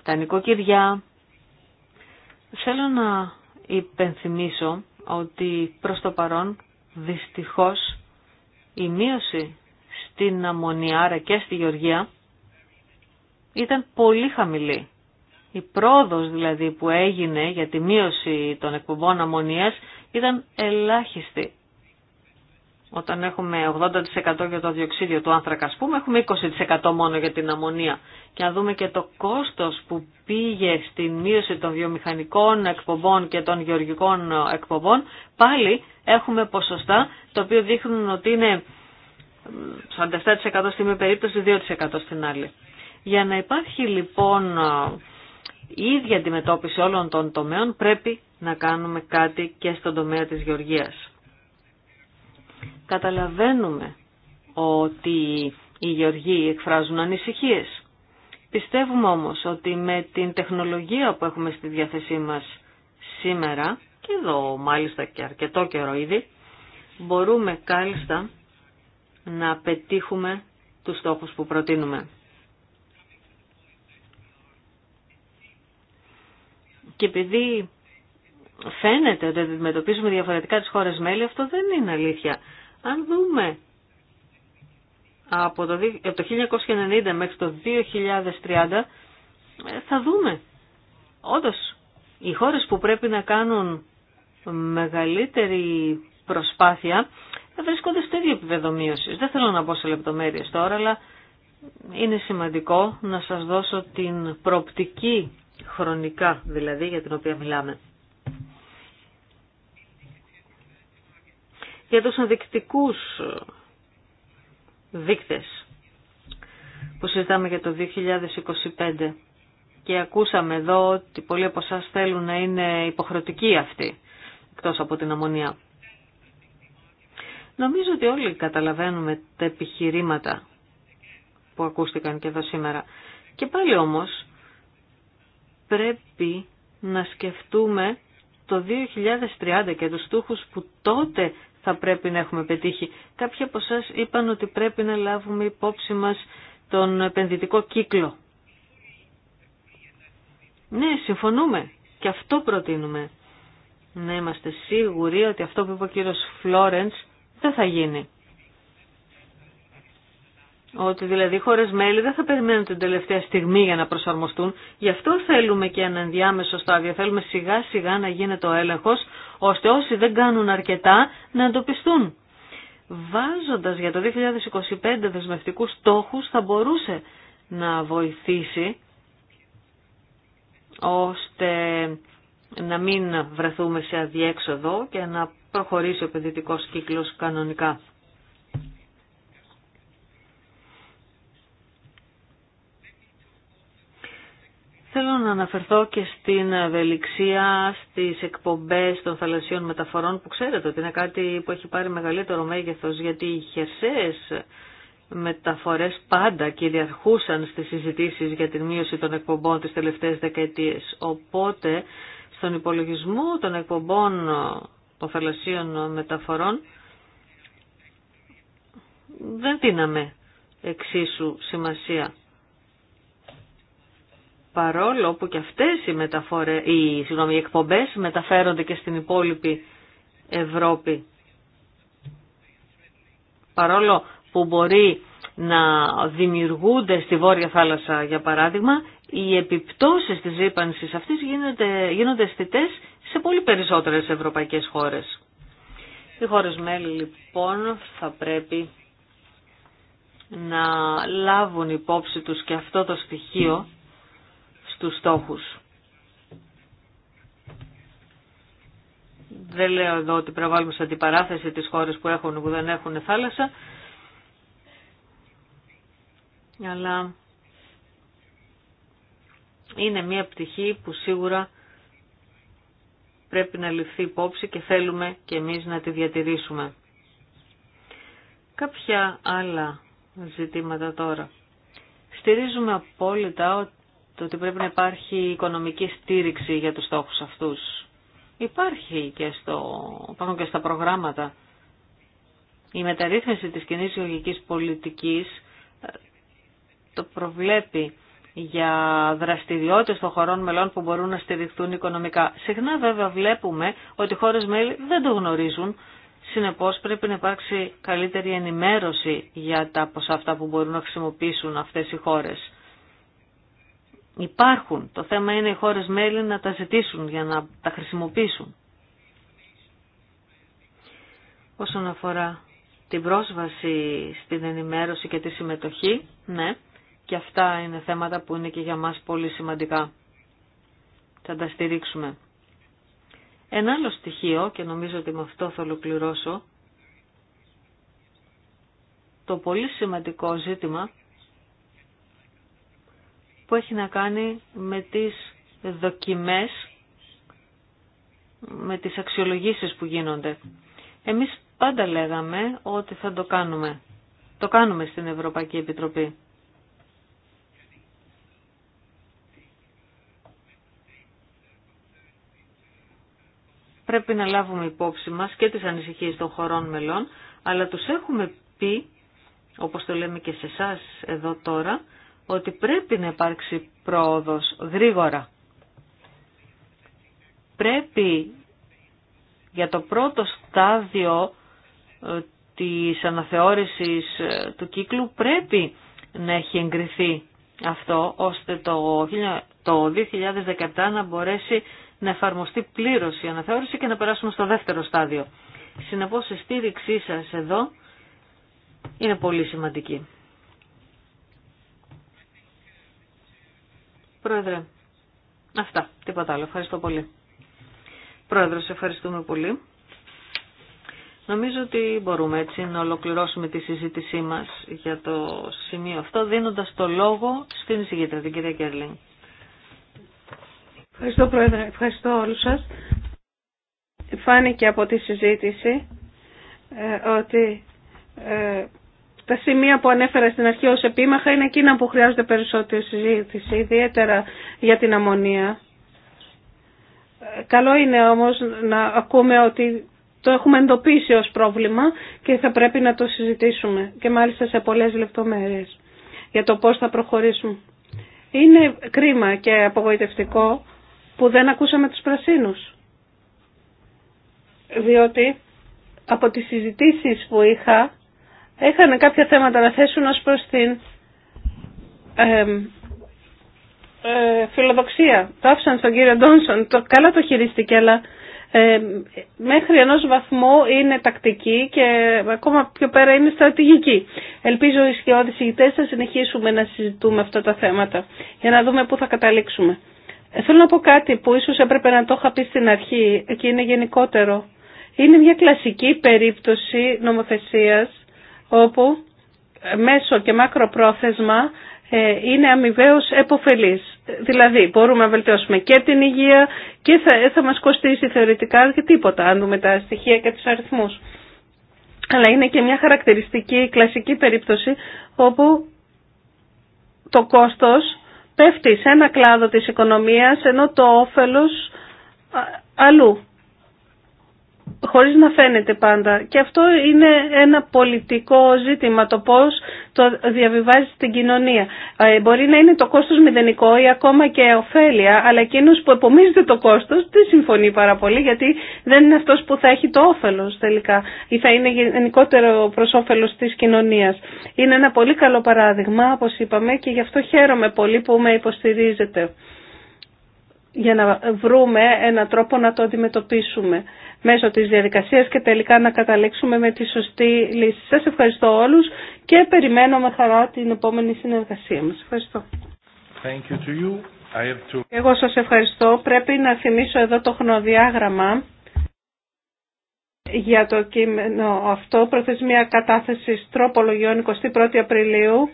τα νοικοκυριά. Θέλω να υπενθυμίσω ότι προς το παρόν δυστυχώς η μείωση στην Αμονιάρα και στη Γεωργία ήταν πολύ χαμηλή. Η πρόοδος δηλαδή που έγινε για τη μείωση των εκπομπών αμμονίας ήταν ελάχιστη. Όταν έχουμε 80% για το διοξίδιο του άνθρακα, ας πούμε, έχουμε 20% μόνο για την αμμονία. Και αν δούμε και το κόστος που πήγε στην μείωση των βιομηχανικών εκπομπών και των γεωργικών εκπομπών, πάλι έχουμε ποσοστά, το οποίο δείχνουν ότι είναι 47% στη μία περίπτωση, 2% στην άλλη. Για να υπάρχει λοιπόν η ίδια αντιμετώπιση όλων των τομέων, πρέπει να κάνουμε κάτι και στον τομέα της γεωργίας. Καταλαβαίνουμε ότι οι γεωργοί εκφράζουν ανησυχίες. Πιστεύουμε όμως ότι με την τεχνολογία που έχουμε στη διάθεσή μας σήμερα, και εδώ μάλιστα και αρκετό καιρό ήδη, μπορούμε κάλλιστα να πετύχουμε τους στόχους που προτείνουμε. Και επειδή φαίνεται ότι αντιμετωπίζουμε διαφορετικά τις χώρες μέλη, αυτό δεν είναι αλήθεια. Αν δούμε από το 1990 μέχρι το 2030, ε, θα δούμε. Όντως, οι χώρες που πρέπει να κάνουν μεγαλύτερη προσπάθεια ε, βρίσκονται στο ίδιο επίπεδο Δεν θέλω να μπω σε λεπτομέρειες τώρα, αλλά είναι σημαντικό να σας δώσω την προοπτική χρονικά, δηλαδή, για την οποία μιλάμε. για τους δεικτικούς ε, δείκτες που συζητάμε για το 2025. Και ακούσαμε εδώ ότι πολλοί από εσά θέλουν να είναι υποχρεωτικοί αυτοί, εκτός από την αμμονία. Νομίζω ότι όλοι καταλαβαίνουμε τα επιχειρήματα που ακούστηκαν και εδώ σήμερα. Και πάλι όμως πρέπει να σκεφτούμε το 2030 και τους στόχους που τότε θα πρέπει να έχουμε πετύχει. Κάποιοι από εσά είπαν ότι πρέπει να λάβουμε υπόψη μας τον επενδυτικό κύκλο. Ναι, συμφωνούμε και αυτό προτείνουμε. Να είμαστε σίγουροι ότι αυτό που είπε ο κύριος Φλόρεντς δεν θα γίνει. Ότι δηλαδή οι χώρες μέλη δεν θα περιμένουν την τελευταία στιγμή για να προσαρμοστούν. Γι' αυτό θέλουμε και ένα ενδιάμεσο στάδιο. Θέλουμε σιγά σιγά να γίνεται ο έλεγχος, ώστε όσοι δεν κάνουν αρκετά να εντοπιστούν. Βάζοντας για το 2025 δεσμευτικούς στόχους θα μπορούσε να βοηθήσει ώστε να μην βρεθούμε σε αδιέξοδο και να προχωρήσει ο παιδιτικός κύκλος κανονικά. Θέλω να αναφερθώ και στην ευελιξία στις εκπομπές των θαλασσίων μεταφορών που ξέρετε ότι είναι κάτι που έχει πάρει μεγαλύτερο μέγεθος γιατί οι χερσαίες μεταφορές πάντα κυριαρχούσαν στις συζητήσεις για την μείωση των εκπομπών τις τελευταίες δεκαετίες. Οπότε στον υπολογισμό των εκπομπών των θαλασσίων μεταφορών δεν δίναμε εξίσου σημασία παρόλο που και αυτές οι, μεταφορε... εκπομπές μεταφέρονται και στην υπόλοιπη Ευρώπη. Παρόλο που μπορεί να δημιουργούνται στη Βόρεια Θάλασσα, για παράδειγμα, οι επιπτώσεις της ρήπανσης αυτής γίνονται, γίνονται σε πολύ περισσότερες ευρωπαϊκές χώρες. Οι χώρες μέλη λοιπόν θα πρέπει να λάβουν υπόψη τους και αυτό το στοιχείο τους στόχους. Δεν λέω εδώ ότι πρέπει να βάλουμε σε αντιπαράθεση τις χώρες που έχουν που δεν έχουν θάλασσα. Αλλά είναι μια πτυχή που σίγουρα πρέπει να ληφθεί υπόψη και θέλουμε και εμείς να τη διατηρήσουμε. Κάποια άλλα ζητήματα τώρα. Στηρίζουμε απόλυτα ότι το ότι πρέπει να υπάρχει οικονομική στήριξη για τους στόχους αυτούς. Υπάρχει και, στο, υπάρχουν και στα προγράμματα. Η μεταρρύθμιση της κοινή συλλογικής πολιτικής ε, το προβλέπει για δραστηριότητες των χωρών μελών που μπορούν να στηριχθούν οικονομικά. Συχνά βέβαια βλέπουμε ότι οι χώρες μέλη δεν το γνωρίζουν. Συνεπώς πρέπει να υπάρξει καλύτερη ενημέρωση για τα ποσά αυτά που μπορούν να χρησιμοποιήσουν αυτές οι χώρες υπάρχουν. Το θέμα είναι οι χώρες μέλη να τα ζητήσουν για να τα χρησιμοποιήσουν. Όσον αφορά την πρόσβαση στην ενημέρωση και τη συμμετοχή, ναι, και αυτά είναι θέματα που είναι και για μας πολύ σημαντικά. Θα τα στηρίξουμε. Ένα άλλο στοιχείο, και νομίζω ότι με αυτό θα ολοκληρώσω, το πολύ σημαντικό ζήτημα που έχει να κάνει με τις δοκιμές, με τις αξιολογήσεις που γίνονται. Εμείς πάντα λέγαμε ότι θα το κάνουμε. Το κάνουμε στην Ευρωπαϊκή Επιτροπή. Πρέπει να λάβουμε υπόψη μας και τις ανησυχίες των χωρών μελών, αλλά τους έχουμε πει, όπως το λέμε και σε εσά εδώ τώρα, ότι πρέπει να υπάρξει πρόοδος γρήγορα. Πρέπει για το πρώτο στάδιο ε, της αναθεώρησης ε, του κύκλου πρέπει να έχει εγκριθεί αυτό ώστε το 2017 να μπορέσει να εφαρμοστεί πλήρως η αναθεώρηση και να περάσουμε στο δεύτερο στάδιο. Συνεπώς η στήριξή σας εδώ είναι πολύ σημαντική. Πρόεδρε, αυτά, τίποτα άλλο. Ευχαριστώ πολύ. Πρόεδρε, σε ευχαριστούμε πολύ. Νομίζω ότι μπορούμε έτσι να ολοκληρώσουμε τη συζήτησή μας για το σημείο αυτό, δίνοντας το λόγο στην εισηγήτρια, την κυρία Κέρλινγκ. Ευχαριστώ Πρόεδρε, ευχαριστώ όλους σας. Φάνηκε από τη συζήτηση ε, ότι ε, τα σημεία που ανέφερα στην αρχή ως επίμαχα είναι εκείνα που χρειάζονται περισσότερη συζήτηση, ιδιαίτερα για την αμμονία. Καλό είναι όμως να ακούμε ότι το έχουμε εντοπίσει ως πρόβλημα και θα πρέπει να το συζητήσουμε και μάλιστα σε πολλές λεπτομέρειες για το πώς θα προχωρήσουμε. Είναι κρίμα και απογοητευτικό που δεν ακούσαμε τους πρασίνους. Διότι από τις συζητήσεις που είχα Έχανε κάποια θέματα να θέσουν ως προς την ε, φιλοδοξία. Το άφησαν στον κύριο Ντόνσον, το, καλά το χειρίστηκε, αλλά ε, μέχρι ενός βαθμού είναι τακτική και ακόμα πιο πέρα είναι στρατηγική. Ελπίζω οι σκιώδεις ηγητές θα συνεχίσουμε να συζητούμε αυτά τα θέματα για να δούμε πού θα καταλήξουμε. Ε, θέλω να πω κάτι που ίσως έπρεπε να το είχα πει στην αρχή και είναι γενικότερο. Είναι μια κλασική περίπτωση νομοθεσίας όπου μέσο και μακροπρόθεσμα ε, είναι αμοιβαίως επωφελής. Δηλαδή μπορούμε να βελτιώσουμε και την υγεία και θα, θα μας κοστίσει θεωρητικά και τίποτα αν δούμε τα στοιχεία και τους αριθμούς. Αλλά είναι και μια χαρακτηριστική κλασική περίπτωση όπου το κόστος πέφτει σε ένα κλάδο της οικονομίας ενώ το όφελος αλλού χωρίς να φαίνεται πάντα. Και αυτό είναι ένα πολιτικό ζήτημα, το πώς το διαβιβάζει στην κοινωνία. Ε, μπορεί να είναι το κόστος μηδενικό ή ακόμα και ωφέλεια, αλλά εκείνος που επομίζεται το κόστος δεν συμφωνεί πάρα πολύ, γιατί δεν είναι αυτός που θα έχει το όφελος τελικά ή θα είναι γενικότερο προς όφελος της κοινωνίας. Είναι ένα πολύ καλό παράδειγμα, όπως είπαμε, και γι' αυτό χαίρομαι πολύ που με υποστηρίζετε για να βρούμε έναν τρόπο να το αντιμετωπίσουμε μέσω της διαδικασίας και τελικά να καταλήξουμε με τη σωστή λύση. Σας ευχαριστώ όλους και περιμένω με χαρά την επόμενη συνεργασία μας. Ευχαριστώ. Thank you to you. I have to... Εγώ σας ευχαριστώ. Πρέπει να θυμίσω εδώ το χρονοδιάγραμμα για το κείμενο αυτό. Προθεσμία κατάθεση τροπολογιών 21 Απριλίου.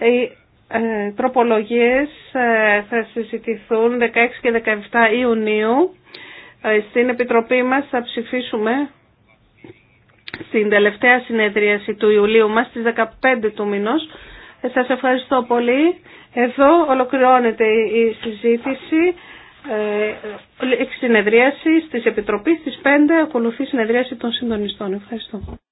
Οι ε, τροπολογίες ε, θα συζητηθούν 16 και 17 Ιουνίου ε, στην Επιτροπή μας θα ψηφίσουμε στην τελευταία συνεδρίαση του Ιουλίου μας στις 15 του μηνός. Ε, σας ευχαριστώ πολύ. Εδώ ολοκληρώνεται η συζήτηση. Ε, η συνεδρίαση της Επιτροπής στις 5 ακολουθεί η συνεδρίαση των συντονιστών. Ευχαριστώ.